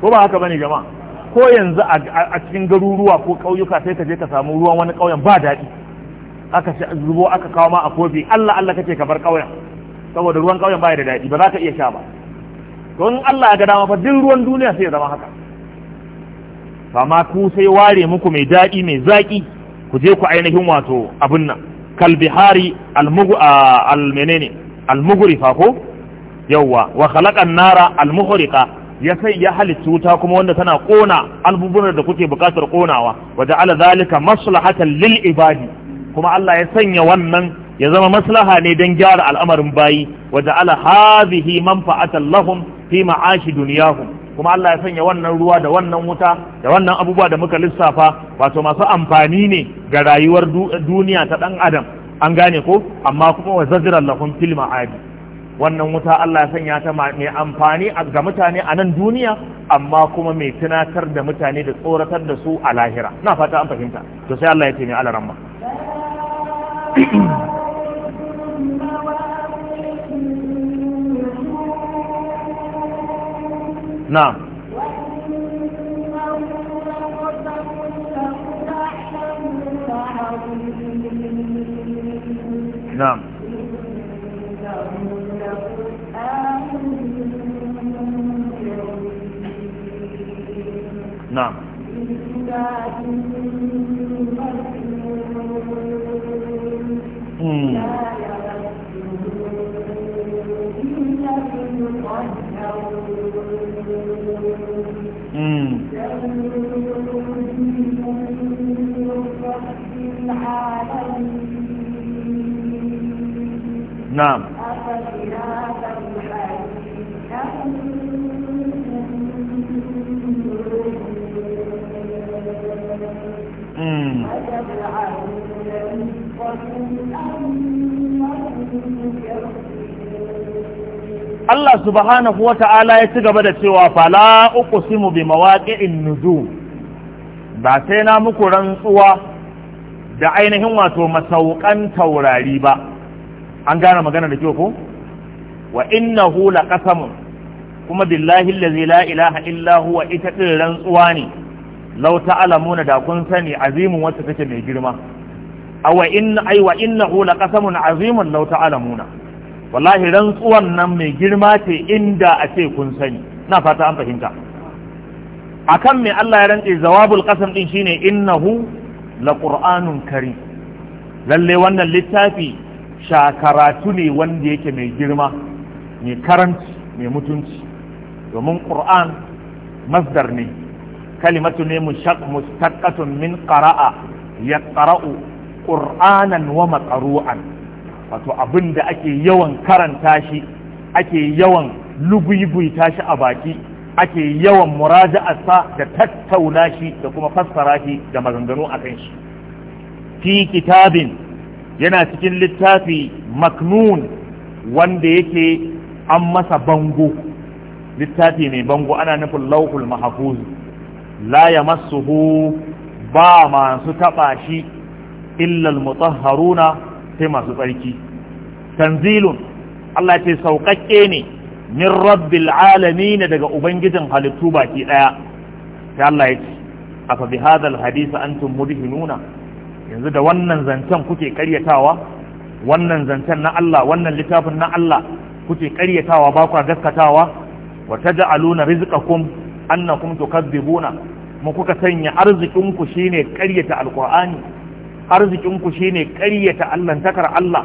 [SPEAKER 1] ko ba haka bane jama'a ko yanzu a cikin garuruwa ko ƙauyuka sai ka je ka samu ruwan wani ƙauyen ba daɗi aka zubo aka kawo ma a kofi Allah Allah kake ka bar ƙauyen saboda ruwan ƙauyen ba da daɗi ba za ka iya sha ba don Allah ya ga dama fa duk ruwan duniya sai ya zama haka amma ku sai ware muku mai daɗi mai zaƙi ku je ku ainihin wato abin nan kalbihari almenene almugurifa ko yawwa wa khalaqan nara almuhriqa ya sai ya halitta wuta kuma wanda tana kona albubunar da kuke bukatar konawa wa ja'ala zalika maslahatan lil ibadi kuma Allah ya sanya wannan ya zama maslaha ne don gyara al'amarin bayi wa ja'ala hadhihi manfa'atan lahum fi ma'ashi duniyahum kuma Allah ya sanya wannan ruwa da wannan wuta da wannan abubuwa da muka lissafa wato masu amfani ne ga rayuwar duniya ta dan adam an gane ko amma kuma wa zajiran lahum fil ma'adi wannan wuta Allah ya sanya ta mai amfani ga mutane a nan duniya amma kuma mai tunatar da mutane da tsoratar da su a lahira na fata an fahimta to sai Allah ya ce mai alaramma na'am na'am na'am
[SPEAKER 3] mm. نعم
[SPEAKER 1] Allah subhanahu wa ta'ala ya ci gaba da cewa fala uqsimu bi mawaqi'in nujum ba sai na muku rantsuwa da ainihin wato masaukan taurari ba an gane magana da kyau ko wa innahu laqasamun kuma billahi allazi la ilaha illa huwa ita din rantsuwa ne law ta'lamuna da kun sani azimun wacce take mai girma awa inna ay wa innahu laqasamun azimun law ta'lamuna wallahi rantsuwan nan mai girma ce inda a ce kun sani na fata an fahimta akan me Allah ya rantse zawabul qasam din shine innahu laqur'anun karim lalle wannan littafi shakaratu ne wanda yake mai girma mai karanci mai mutunci domin qur'an masdar ne kalimatu ne mustaqqatun min qara'a yaqra'u qur'anan wa maqru'an wato abin da ake yawan karanta shi ake yawan luguiguita shi a baki ake yawan muraja'arsa da tattauna shi da kuma fassara shi da maganganu a kan shi fi kitabin yana cikin littafi maknun wanda yake an masa bango littafi mai bango ana nufin lauhul mahafuz la ya masuhu ba masu taɓa shi illal mutahharuna sai masu tsarki tanzilun Allah ce sauƙaƙƙe ne min rabbil ne daga ubangijin halittu baki ɗaya. sai Allah ya ce afa bi hadal hadisi antum nuna. yanzu da wannan zancen kuke ƙaryatawa? wannan zancen na Allah wannan littafin na Allah kuke karyatawa ba kwa gaskatawa wa taj'aluna rizqakum annakum tukadzibuna mu kuka sanya arzikin ku shine ƙaryata alqur'ani arzikin ku shine karyata Allah takar Allah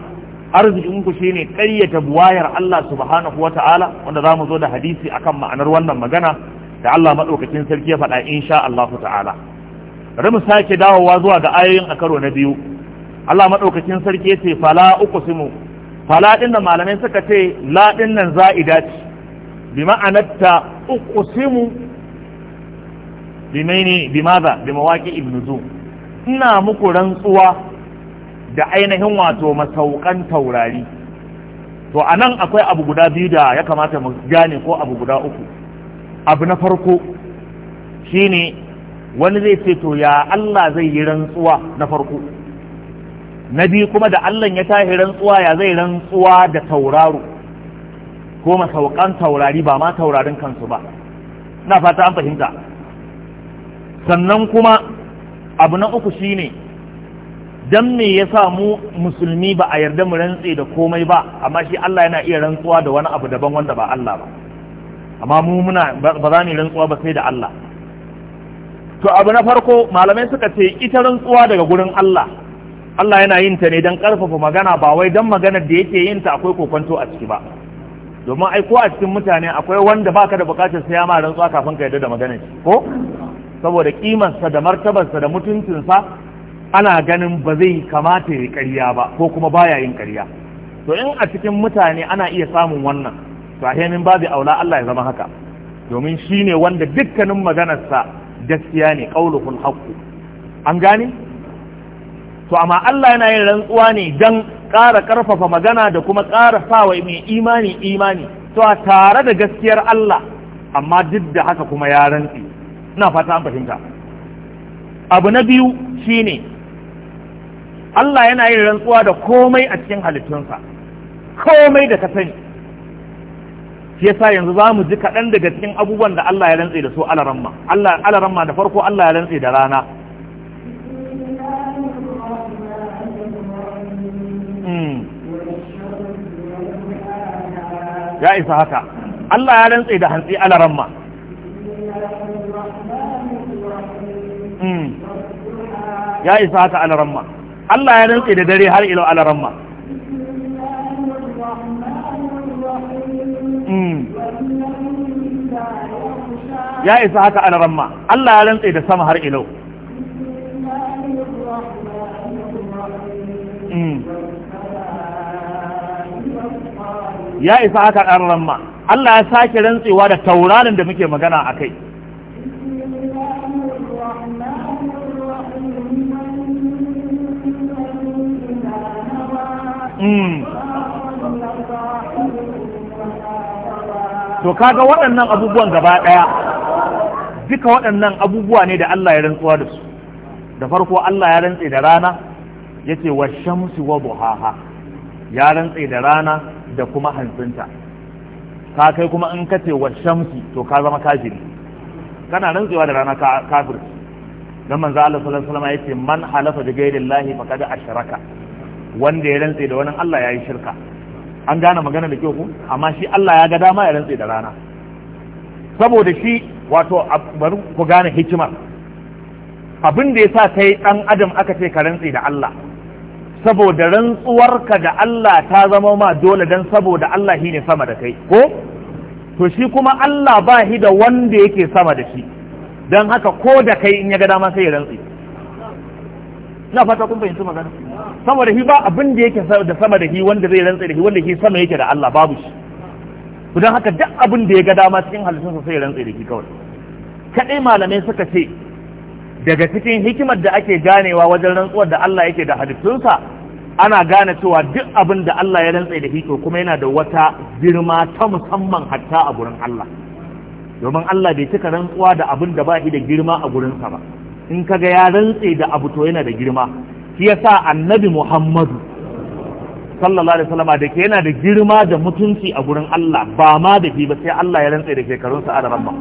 [SPEAKER 1] arzikinku shi ne ƙaryata buwayar Allah subhanahu wa ta'ala wanda za mu zo da hadisi akan ma'anar wannan magana da Allah maɗaukacin sarki ya faɗa insha Allah ta'ala bari mu sake dawowa zuwa ga ayoyin a karo na biyu Allah maɗaukacin sarki ya ce fala uqsimu fala ɗin da malamai suka ce la ɗin nan za'ida ce bi ma'anarta uqsimu bi ne, bi maza bi mawaqi ibn ina muku rantsuwa da ainihin wato masaukan taurari to a nan akwai abu guda biyu da ya kamata mu gane ko abu guda uku abu na farko shi ne wani zai ce to ya Allah zai yi rantsuwa na farko na biyu kuma da Allah ya tahi rantsuwa ya zai rantsuwa da tauraro ko masaukan taurari ba ma taurarin kansu ba na fata an fahimta sannan kuma abu na uku shi ne. dan me ya sa mu musulmi ba a yarda mu rantse da komai ba amma shi Allah yana iya rantsuwa da wani abu daban wanda ba Allah ba amma mu muna ba za mu rantsuwa ba sai da Allah to abu na farko malamai suka ce ita rantsuwa daga gurin Allah Allah yana yin ta ne don karfafa magana ba wai dan maganar da yake yin ta akwai kokonto a ciki ba domin ai ko a cikin mutane akwai wanda baka da bukatar sai ya ma rantsuwa kafin ka yarda da maganar ko saboda kimansa da martabarsa da mutuncinsa ana ganin ba zai kamata ya ƙarya ba ko kuma baya yin ƙarya to in a cikin mutane ana iya samun wannan sahihin babu aula Allah ya zama haka domin shi ne wanda dukkanin maganarsa gaskiya ne qauluhul haqqu an gane to amma Allah yana yin rantsuwa ne dan ƙara ƙarfafa magana da kuma ƙara sawa mai imani imani to a tare da gaskiyar Allah amma duk da haka kuma ya rantsi ina fata an fahimta abu na biyu shine Allah yana yin rantsuwa da komai a cikin halittunsa komai da ka sani shi yasa yanzu za mu ji kaɗan daga cikin abubuwan da Allah ya rantse da su alaramma Allah alaramma da farko Allah ya rantse da rana hmm. ya isa haka Allah ya rantse da hantsi alaramma
[SPEAKER 3] hmm. ya
[SPEAKER 1] isa haka alaramma Allah ya rantse da dare har ilo alaramma hmm. ya isa haka alaramma Allah ya rantse da sama har ilo
[SPEAKER 3] hmm. ya isa
[SPEAKER 1] haka alaramma Allah ya sake rantsewa da tauraron da muke magana a kai Mm. to kaga waɗannan abubuwan gaba ɗaya duka waɗannan abubuwa ne da Allah ya rantsuwa da su da farko Allah ya rantse da rana ya ce wa shamsi wa buhaha ya rantse da rana da kuma hantsinta ka kai kuma in ka ce wa shamsi to ka zama kafiri kana rantsewa da rana kafir dan manzo Allah sallallahu alaihi wasallam ya ce man halafa bi ghairi Allah faqad ashraka wanda ya rantse da wani Allah ya yi shirka an gane magana da kyau ku amma shi Allah ya ga dama ya rantse da rana saboda shi wato bari ku gane hikimar abin da ya sa kai dan adam aka ce ka rantse da Allah saboda rantsuwarka da Allah ta zama ma dole dan saboda Allah shi ne sama da kai ko to shi kuma Allah ba shi da wanda yake sama da shi don haka ko da kai in ya ga dama sai ya rantsi na fata kun fahimci magana sama da shi ba abin da yake da sama da shi wanda zai rantsa da shi wanda shi sama yake da Allah babu shi to don haka duk abin da ya ga dama cikin halittun sai rantsa da shi kawai kadai malamai suka ce daga cikin hikimar da ake ganewa wajen rantsuwar da Allah yake da halittunsa ana gane cewa duk abin da Allah ya rantsa da shi to kuma yana da wata girma ta musamman hatta a gurin Allah domin Allah bai cika rantsuwa da abin da ba shi da girma a gurin gurinsa ba in kaga ya rantse da abu to yana da girma shi sa annabi Muhammadu sallallahu alaihi wasallam da ke yana da girma da mutunci a gurin Allah ba ma da fi ba sai Allah ya rantsa da shekarun sa da rabba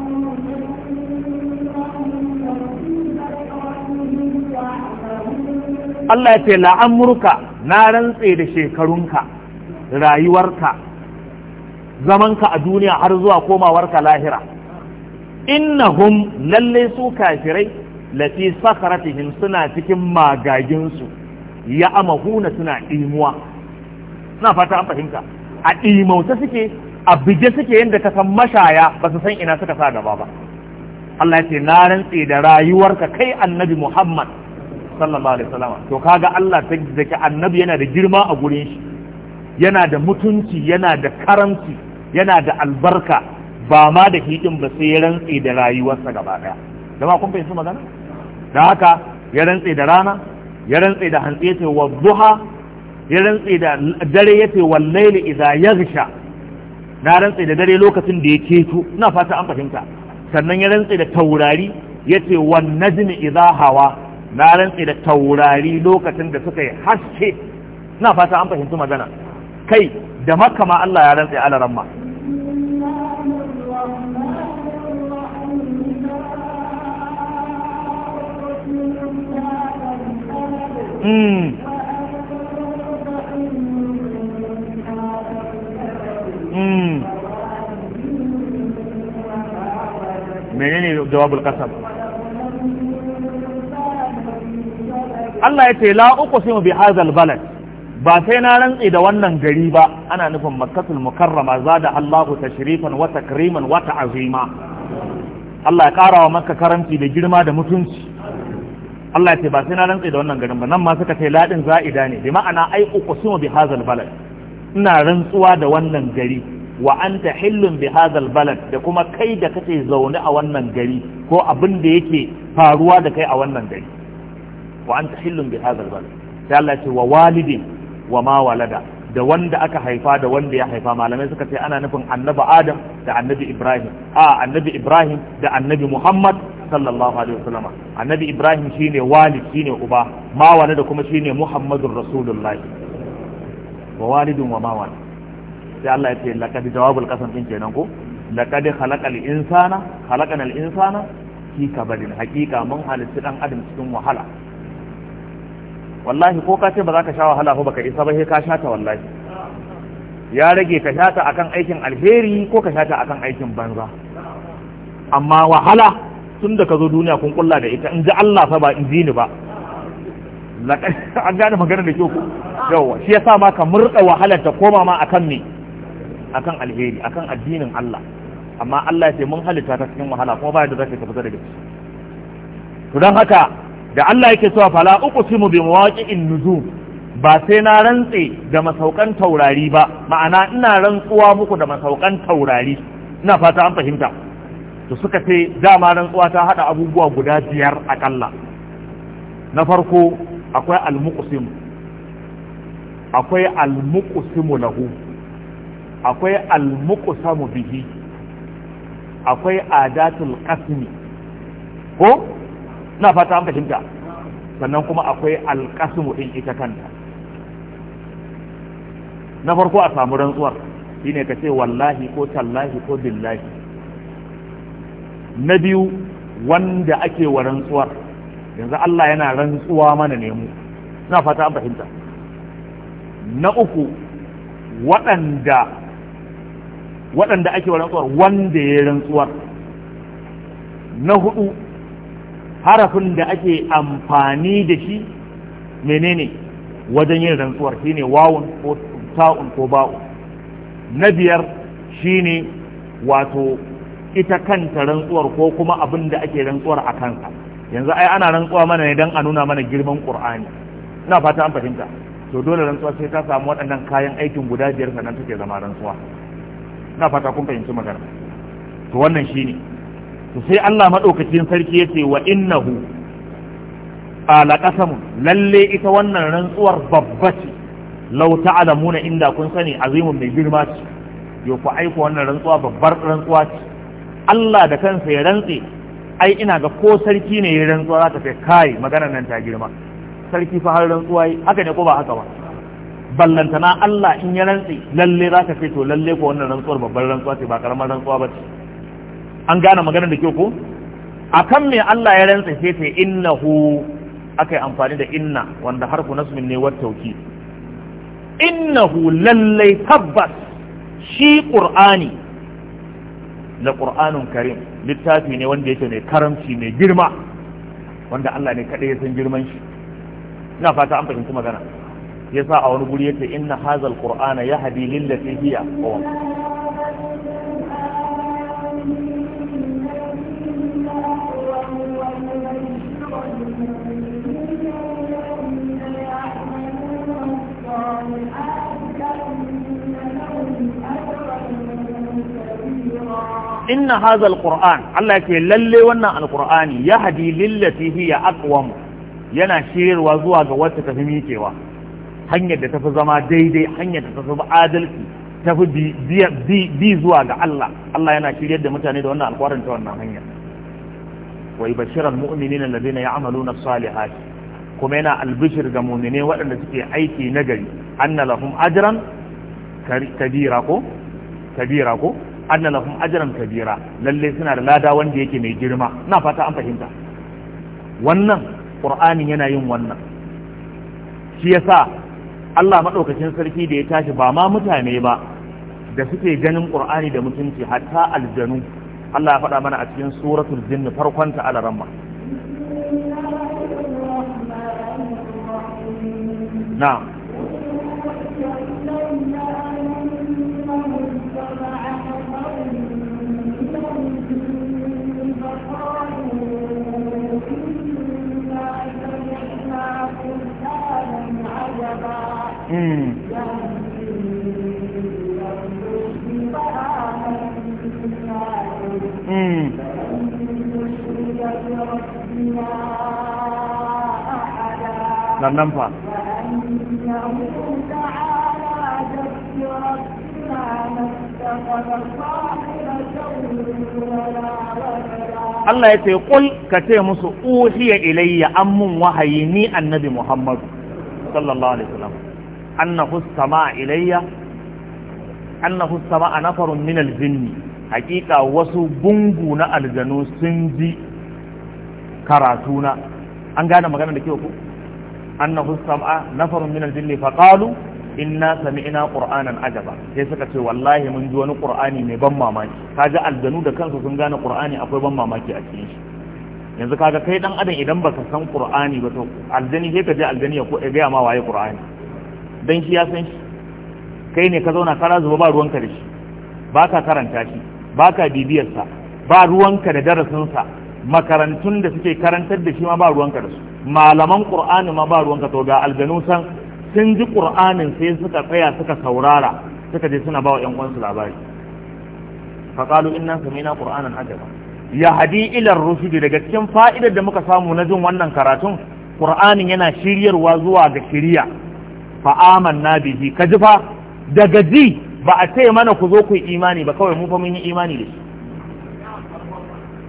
[SPEAKER 1] Allah ya ce la'amurka na rantse da shekarunka rayuwarka zamanka a duniya har zuwa komawarka lahira innahum lalle su kafirai lati sakaratihim suna cikin magaginsu ya amahuna suna ɗimuwa suna fata an fahimta a ɗimauta suke a bige suke yadda ka san mashaya ba su san ina suka sa gaba ba Allah ce na rantse da rayuwarka kai annabi Muhammad sallallahu alaihi wasallam to kaga Allah ta zaki annabi yana da girma a gurin shi yana da mutunci yana da karanci yana da albarka ba ma da hidin ba sai ya rantse da rayuwarsa gaba daya dama kun fahimci magana da haka ya rantse da rana ya rantse da hantsi yace wa ya rantse da dare yace ce layli idza yaghsha na rantse da dare lokacin da ya to ina fata an fahimta sannan ya rantse da taurari yace wan najmi idza hawa na rantse da taurari lokacin da suka yi haske ina fata an fahimta magana kai da makama Allah ya rantse alaramma
[SPEAKER 3] Mm. Mm.
[SPEAKER 1] menene jawabul kasar Allah ya ce la mu bi hadzal balad ba sai na rantsi da wannan gari ba ana nufin makkatul mukarrama zada Allahu tashrifan wa takriman wa ta'zima Allah ya wa maka karanci da girma da mutunci Allah ya ce ba sai na rantse da wannan garin ba nan ma suka ce ladin za'ida ne bi ma'ana ai uqsimu bi hadzal balad ina rantsuwa da wannan gari wa anta hillun bi hadzal balad da kuma kai da kace zaune a wannan gari ko abin da yake faruwa da kai a wannan gari wa anta hillun bi hadzal balad sai Allah ya ce wa walidin wa ma walada da wanda aka haifa da wanda ya haifa malamai suka ce ana nufin annabi Adam da annabi Ibrahim a annabi Ibrahim da annabi Muhammad sallallahu alaihi wasallam annabi ibrahim shine walid shine uba ma da kuma shine muhammadur rasulullahi wa walidun wa ma sai Allah ya ce laqad jawabul qasam din kenan ko laqad khalaqal insana khalaqanal insana fi kabadin hakika mun halitta dan adam cikin wahala wallahi ko ka ce ba za ka sha wahala ba baka isa ba sai ka sha ta wallahi ya rage ka sha ta akan aikin alheri ko ka sha ta akan aikin banza amma wahala tun da ka zo duniya kun kulla da ita in ji Allah fa ba in ji ni ba an gane magana da kyau yawa shi yasa ma ka murda wahalar ta koma ma akan ne, akan alheri akan addinin Allah amma Allah ya ce mun halitta ta cikin wahala kuma ba da zaka tafi daga ciki to dan haka da Allah yake cewa fala uqsimu bi mawaqi'in nuzum ba sai na rantse da masaukan taurari ba ma'ana ina rantsuwa muku da masaukan taurari ina fata an fahimta to suka ce dama rantsuwa ta hada abubuwa guda biyar akalla na farko akwai almuqsim akwai almuqsimu lahu akwai almuqsamu bihi akwai adatul qasmi ko na fata an fahimta sannan kuma akwai alqasmu din ita kanta na farko a samu rantsuwar shine ka ce wallahi ko tallahi ko billahi na biyu wanda ake wa rantsuwar yanzu Allah yana rantsuwa mana ne mu na fata an fahimta na uku waɗanda waɗanda ake wa rantsuwar wanda ya rantsuwar na hudu harafin da ake amfani da shi menene wajen yin rantsuwar shine wawun ko ta'un ko ba'un na biyar shine wato ita kanta rantsuwar ko kuma abin da ake rantsuwar a kansa yanzu ai ana rantsuwa mana ne don a nuna mana girman ƙur'ani ina fata an fahimta to dole rantsuwa sai ta samu waɗannan kayan aikin guda biyar sannan take zama rantsuwa ina fata kun fahimci magana to wannan shine to sai Allah madaukakin sarki yace wa innahu ala qasam lalle ita wannan rantsuwar babba ce law ta'lamuna inda kun sani azimun mai girma ce yo ku aiko wannan rantsuwa babbar rantsuwa ce Allah da kansa ya rantse ai ina ga ko sarki ne ya rantsuwa za ta fi kai magana nan ta girma sarki fa har rantsuwa yi haka ne ko ba haka ba ballantana Allah in ya rantse lalle za ta fi to lalle ko wannan rantsuwar babbar rantsuwa ce ba karamar rantsuwa ba ce an gane maganar da ke ko akan me Allah ya rantse sai ta innahu aka yi amfani da inna wanda harfu nasmin ne wa tauki innahu lallai tabbas shi qur'ani na ƙur'anun karim littafi ne wanda yake mai karamci mai girma wanda Allah ne kaɗai ya san girman shi ina fata an fahimci magana Ya sa a wani guri yake inna hazal ƙur'ana ya hadi lillafi hiya inna hazal qur'an Allah ya yake lalle wannan alqur'ani ya hadi lillati hiya aqwam yana shiryarwa zuwa ga wacce tafi miƙewa hanyar da tafi zama daidai hanyar da tafi adalci tafi bi zuwa ga Allah Allah yana shiryar da mutane da wannan alqur'ani ta wannan hanya wa yubashshiral mu'minina alladhina ya'maluna as-salihati kuma yana albishir ga mu'mine waɗanda suke aiki nagari anna lahum ajran kabira ko kabira ko anna lahum ajran kabira lalle suna da lada wanda yake mai girma ina fata an fahimta wannan qur'ani yana yin wannan shi yasa Allah madaukakin sarki da ya tashi ba ma mutane ba da suke ganin qur'ani da mutunci hatta aljanu Allah ya faɗa mana a cikin suratul jinn farkon ta alaramma na'am
[SPEAKER 3] Mm. nan fa
[SPEAKER 1] Allah ya ce kul ka ce musu uhiya ilayya an mun wahayi ni annabi Muhammadu sallallahu alaihi wasallam annahu sama ilayya annahu sama nafarun min aljinni hakika wasu bungu na aljanu sun ji karatuna an gane magana da kyau ko annahu sama nafarun min aljinni fa qalu inna sami'na qur'anan ajaba sai suka ce wallahi mun ji wani qur'ani mai ban mamaki kaga aljanu da kansu sun gane qur'ani akwai ban mamaki a cikin shi yanzu kaga kai dan adam idan baka san qur'ani ba to aljani sai ka je aljani ya ko ya ga ma waye qur'ani don shi ya san shi kai ne ka zauna kara zuba ba ruwanka da shi ba ka karanta shi ba ka bibiyarsa ba ruwanka da darasinsa makarantun da suke karantar da shi ma ba ruwanka da su malaman ƙur'ani ma ba ruwanka to ga aljanu san sun ji ƙur'anin sai suka tsaya suka saurara suka je suna ba wa 'yan uwansu labari qalu inna samina qur'anan ajaba ya hadi ilar rusul daga cikin fa'idar da muka samu na jin wannan karatun qur'anin yana shiryarwa zuwa ga shiriya fa amanna ka kaji fa daga ji ba a ce mana ku zo ku yi imani ba kawai mu fa mun yi imani da shi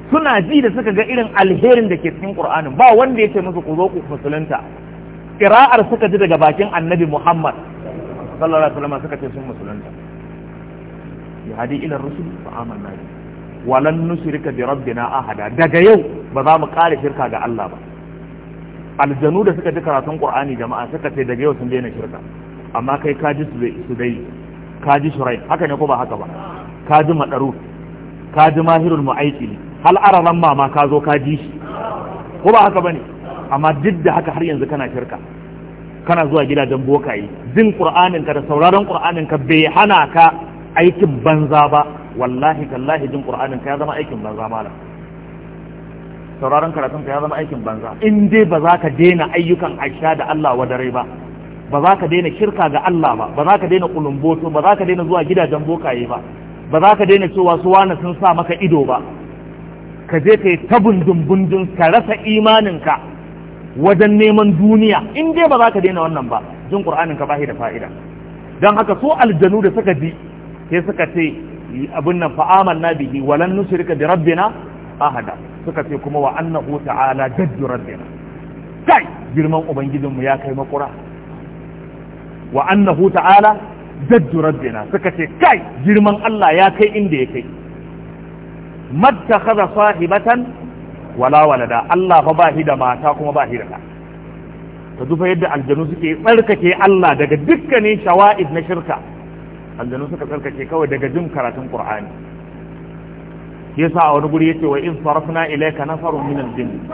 [SPEAKER 1] suna ji da suka ga irin alherin da ke cikin Qur'anin ba wanda ya ce musu ku zo ku musulunta qira'ar suka ji daga bakin Annabi Muhammad sallallahu alaihi wasallam suka ce sun musulunta yahdi ila rusul fa amanna walan nusrika bi rabbina ahada daga yau ba za mu kare shirka ga Allah ba aljanu da suka ji karatun qur'ani jama'a suka ce daga yau sun daina shirka amma kai ka ji su dai ka ji shurai haka ne ko ba haka ba ka ji madaru ka ji mahirul hal araran mama ka zo ka ji shi ko ba haka bane amma duk da haka har yanzu kana shirka kana zuwa gidajen bokaye jin qur'anin ka da sauraron qur'anin ka bai hana ka aikin banza ba wallahi tallahi jin qur'anin ka ya zama aikin banza malam sauraron karatun ka ya zama aikin banza in dai ba za ka daina ayyukan aisha da Allah wa dare ba ba za ka daina shirka ga Allah ba ba za ka daina kulumboto ba za ka daina zuwa gidajen bokaye ba ba za ka daina cewa su wani sun sa maka ido ba ka je ka yi tabun dumbundun ka rasa imaninka wajen neman duniya in dai ba za ka daina wannan ba jin qur'anin ka bahi da fa'ida dan haka su aljanu da suka bi sai suka ce abin nan fa amanna bihi walan nusrika bi rabbina ahada suka ce kuma wa annahu ta'ala jaddu rabbina kai girman ubangijinmu ya kai makura wa annahu ta'ala jaddu rabbina suka ce kai girman Allah ya kai inda ya kai mattakhadha sahibatan wala walada Allah fa bahi da mata kuma bahi da ta ka dufa yadda aljanu suke tsarkake Allah daga dukkanin shawa'id na shirka aljanu suka tsarkake kawai daga jin karatun Qur'ani yasa a wani guri yace wa in sarafna ilayka nafarun min al-jinn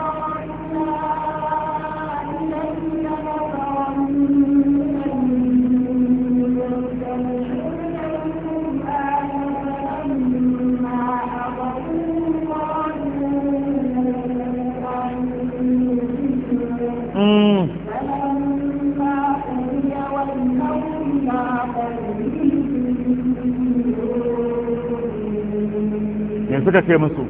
[SPEAKER 3] Mm. suka ce musu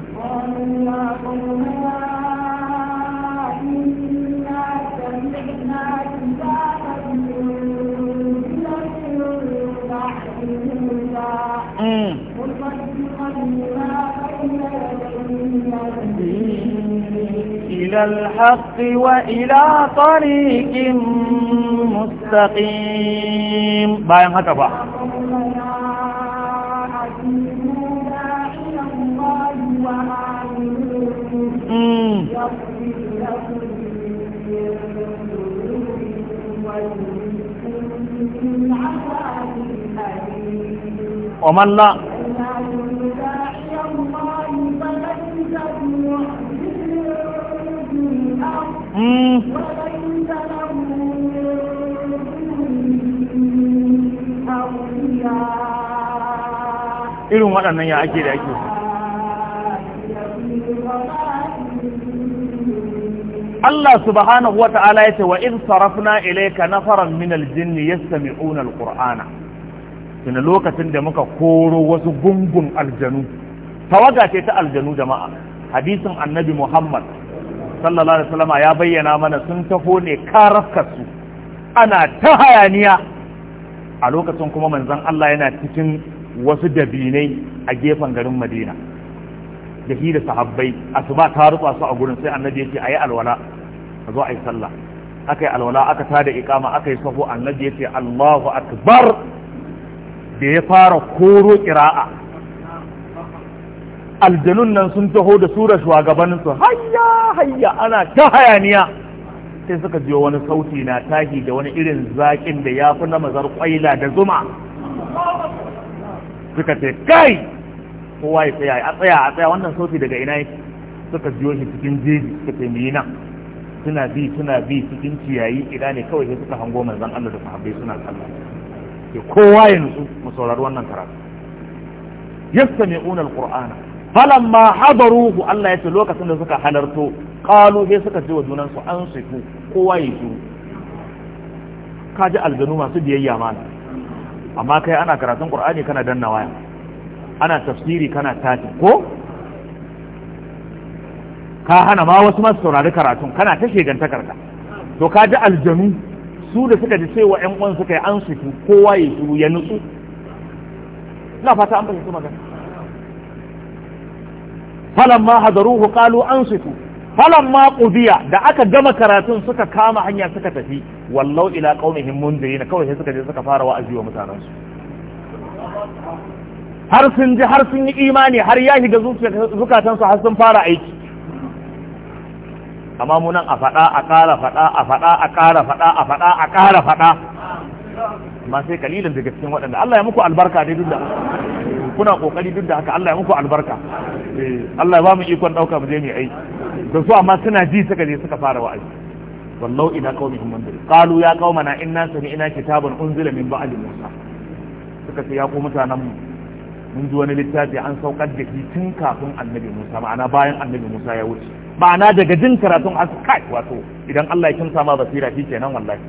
[SPEAKER 1] إلى الحق وإلى طريق مستقيم باين هكذا ومن لا irin waɗannan ya ake da ake Allah subhanahu wa ta'ala ya ce wa in sarafna ilayka nafaran min aljinni yastami'una alqur'ana tun lokacin da muka koro wasu gungun aljanu tawaga ce ta aljanu jama'a hadisin annabi Muhammad sallallahu alaihi wasallama ya bayyana mana sun taho ne karafkasu ana ta hayaniya a lokacin kuma manzon Allah yana cikin wasu dabinai a gefen garin Madina da shi da sahabbai asuba ta rutsa su a gurin sai annabi yace ayi alwala a zo ayi sallah akai alwala aka tada iqama akai sahu annabi yace Allahu akbar da ya fara koro qira'a aljanun nan sun taho da sura shugabannin su hayya hayya ana ta hayaniya sai suka jiyo wani sauti na tahi da wani irin zakin da ya fi na mazar kwaila da zuma suka ce kai kowa ya tsaya a tsaya a tsaya wannan sauti daga ina yake suka biyo shi cikin jeji suka ce yi nan suna bi suna bi cikin ciyayi ina ne kawai sai suka hango manzon Allah da sahabbai suna sallah ke kowa ya nutsu mu saurari wannan karatu yastami'una alqur'ana falamma hadaruhu Allah ya ce lokacin da suka halarto qalu sai suka ce wa junan su an sifu kowa ya shiru kaji aljanu masu biyayya mana amma kai ana karatun qur'ani kana danna waya ana tafsiri kana tati ko ka hana ma wasu masu saurari karatun kana ta shegantakar ka to ka ji aljanu su da suka ji cewa yan uwan suka yi an suku kowa ya shiru ya nutsu ina fata an fahimci magana ma hadaruhu qalu ansitu ma qudiya da aka gama karatun suka kama hanya suka tafi wallau ila qaumihim mundirin kawai sai suka je suka fara wa'azi wa mutanansu har sun ji har sun yi imani har ya shiga zukatansu har sun fara aiki amma mu nan a faɗa a ƙara faɗa a faɗa a ƙara faɗa a faɗa a ƙara faɗa amma sai kalilin daga cikin waɗanda Allah ya muku albarka dai duk da kuna kokari duk da haka Allah ya muku albarka eh, Allah ya ba mu ikon ɗauka mu je mu aiki da su amma suna ji suka je suka fara wa'azi wallahu ila hum mundir qalu ya qaumana inna sami'na kitaban unzila min ba'di musa suka ce ya ku mutanen mu mun ji wani littafi an saukar da shi tun kafin annabi musa ma'ana bayan annabi musa ya wuce ma'ana daga jin karatun askai wato idan allah ya kimsa ma basira shi kenan wallahi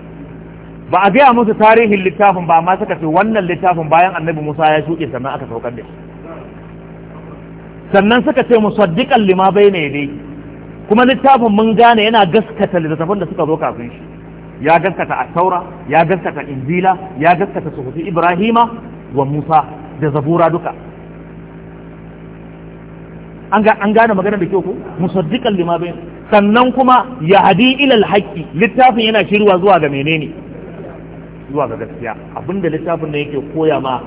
[SPEAKER 1] ba a gaya musu tarihin littafin ba amma suka ce wannan littafin bayan annabi musa ya shuke sannan aka saukar da shi sannan suka ce musaddiqan lima bayna yadayhi kuma littafin mun gane yana gaskata littafin da suka zo kafin shi ya gaskata at-taura ya gaskata injila ya gaskata suhufi ibrahima wa musa da zabura duka an gane magana da kyau ko musaddiqan lima sannan kuma hadi ilal hakki. littafin yana shirwa zuwa ga menene zuwa ga gaskiya abinda littafin da yake koya ma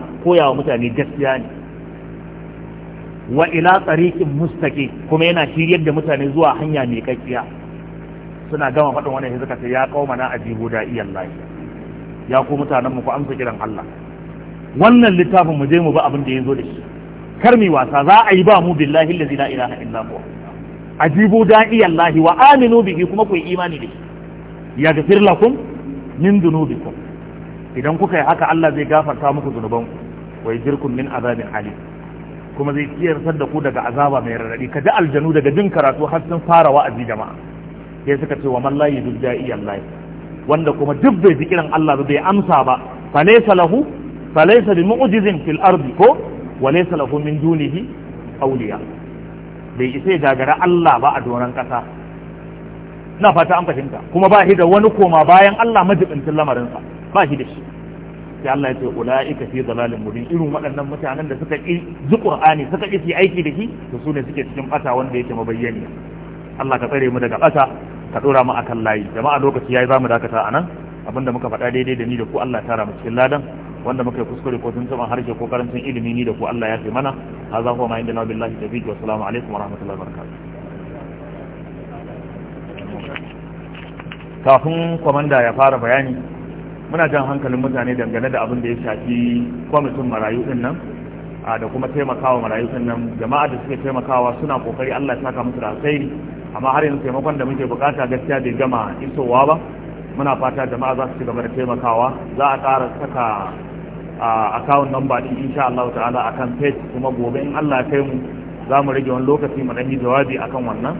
[SPEAKER 1] mutane gaskiya ne wa ila tsarikin mustaqi kuma yana shiryar da mutane zuwa hanya mai kakkiya suna gama faɗin wannan sai suka ce ya kauma na ajibu da iyallahi ya ku mutanen mu ku amsa kiran Allah wannan littafin mu je mu bi abin da ya zo da shi kar mi wasa za a yi ba mu billahi allazi la ilaha illa huwa ajibu da'i wa aminu bihi kuma ku yi imani da shi ya gafir lakum min dunubikum idan kuka yi haka Allah zai gafarta muku ku. wa yajirkum min azabin alim kuma zai tsiyartar da ku daga azaba mai rarradi ka ji aljanu daga jin karatu har sun fara wa'azi jama'a sai suka ce wa mallahi la wanda kuma duk bai ji kiran Allah ba bai amsa ba fa laysa lahu falaisa bi mu'jizin fil arzi ko walaysa lahu min dunihi bai isa gagara Allah ba a doron ƙasa. na fata an fahimta kuma ba shi da wani koma bayan Allah majibincin lamarinsa ba shi da shi sai Allah ya ce ula'ika fi dalalin mubin irin waɗannan mutanen da suka ƙi zu Qur'ani suka ƙi su aiki da shi to su ne suke cikin ƙasa wanda yake mabayyani Allah ka tsare mu daga ƙasa ka dora mu akan layi jama'a lokaci yayi zamu dakata anan abinda muka faɗa daidai da ni da ku Allah ya tara mu cikin ladan wanda muka kuskure ko sun tsaman harshe ko karancin ilimi ni da ku Allah ya fi mana hadha huwa ma inda na billahi tawfiq wa assalamu alaikum wa rahmatullahi wa barakatuh kafin kwamanda ya fara bayani muna jan hankalin mutane dangane da abin da ya shafi kwamitin marayu din nan da kuma taimakawa marayu din nan jama'a da suke taimakawa suna kokari Allah ya saka musu da alkhairi amma har yanzu taimakon da muke bukata gaskiya bai gama isowa ba muna fata jama'a za su ci gaba da taimakawa za a ƙara saka account number din insha Allah ta'ala akan page kuma gobe in Allah kai mu za mu rage wani lokaci mu yi jawabi akan wannan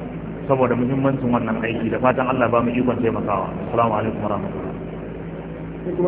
[SPEAKER 1] saboda muhimmancin wannan aiki da fatan Allah ba mu ikon taimakawa assalamu alaikum warahmatullahi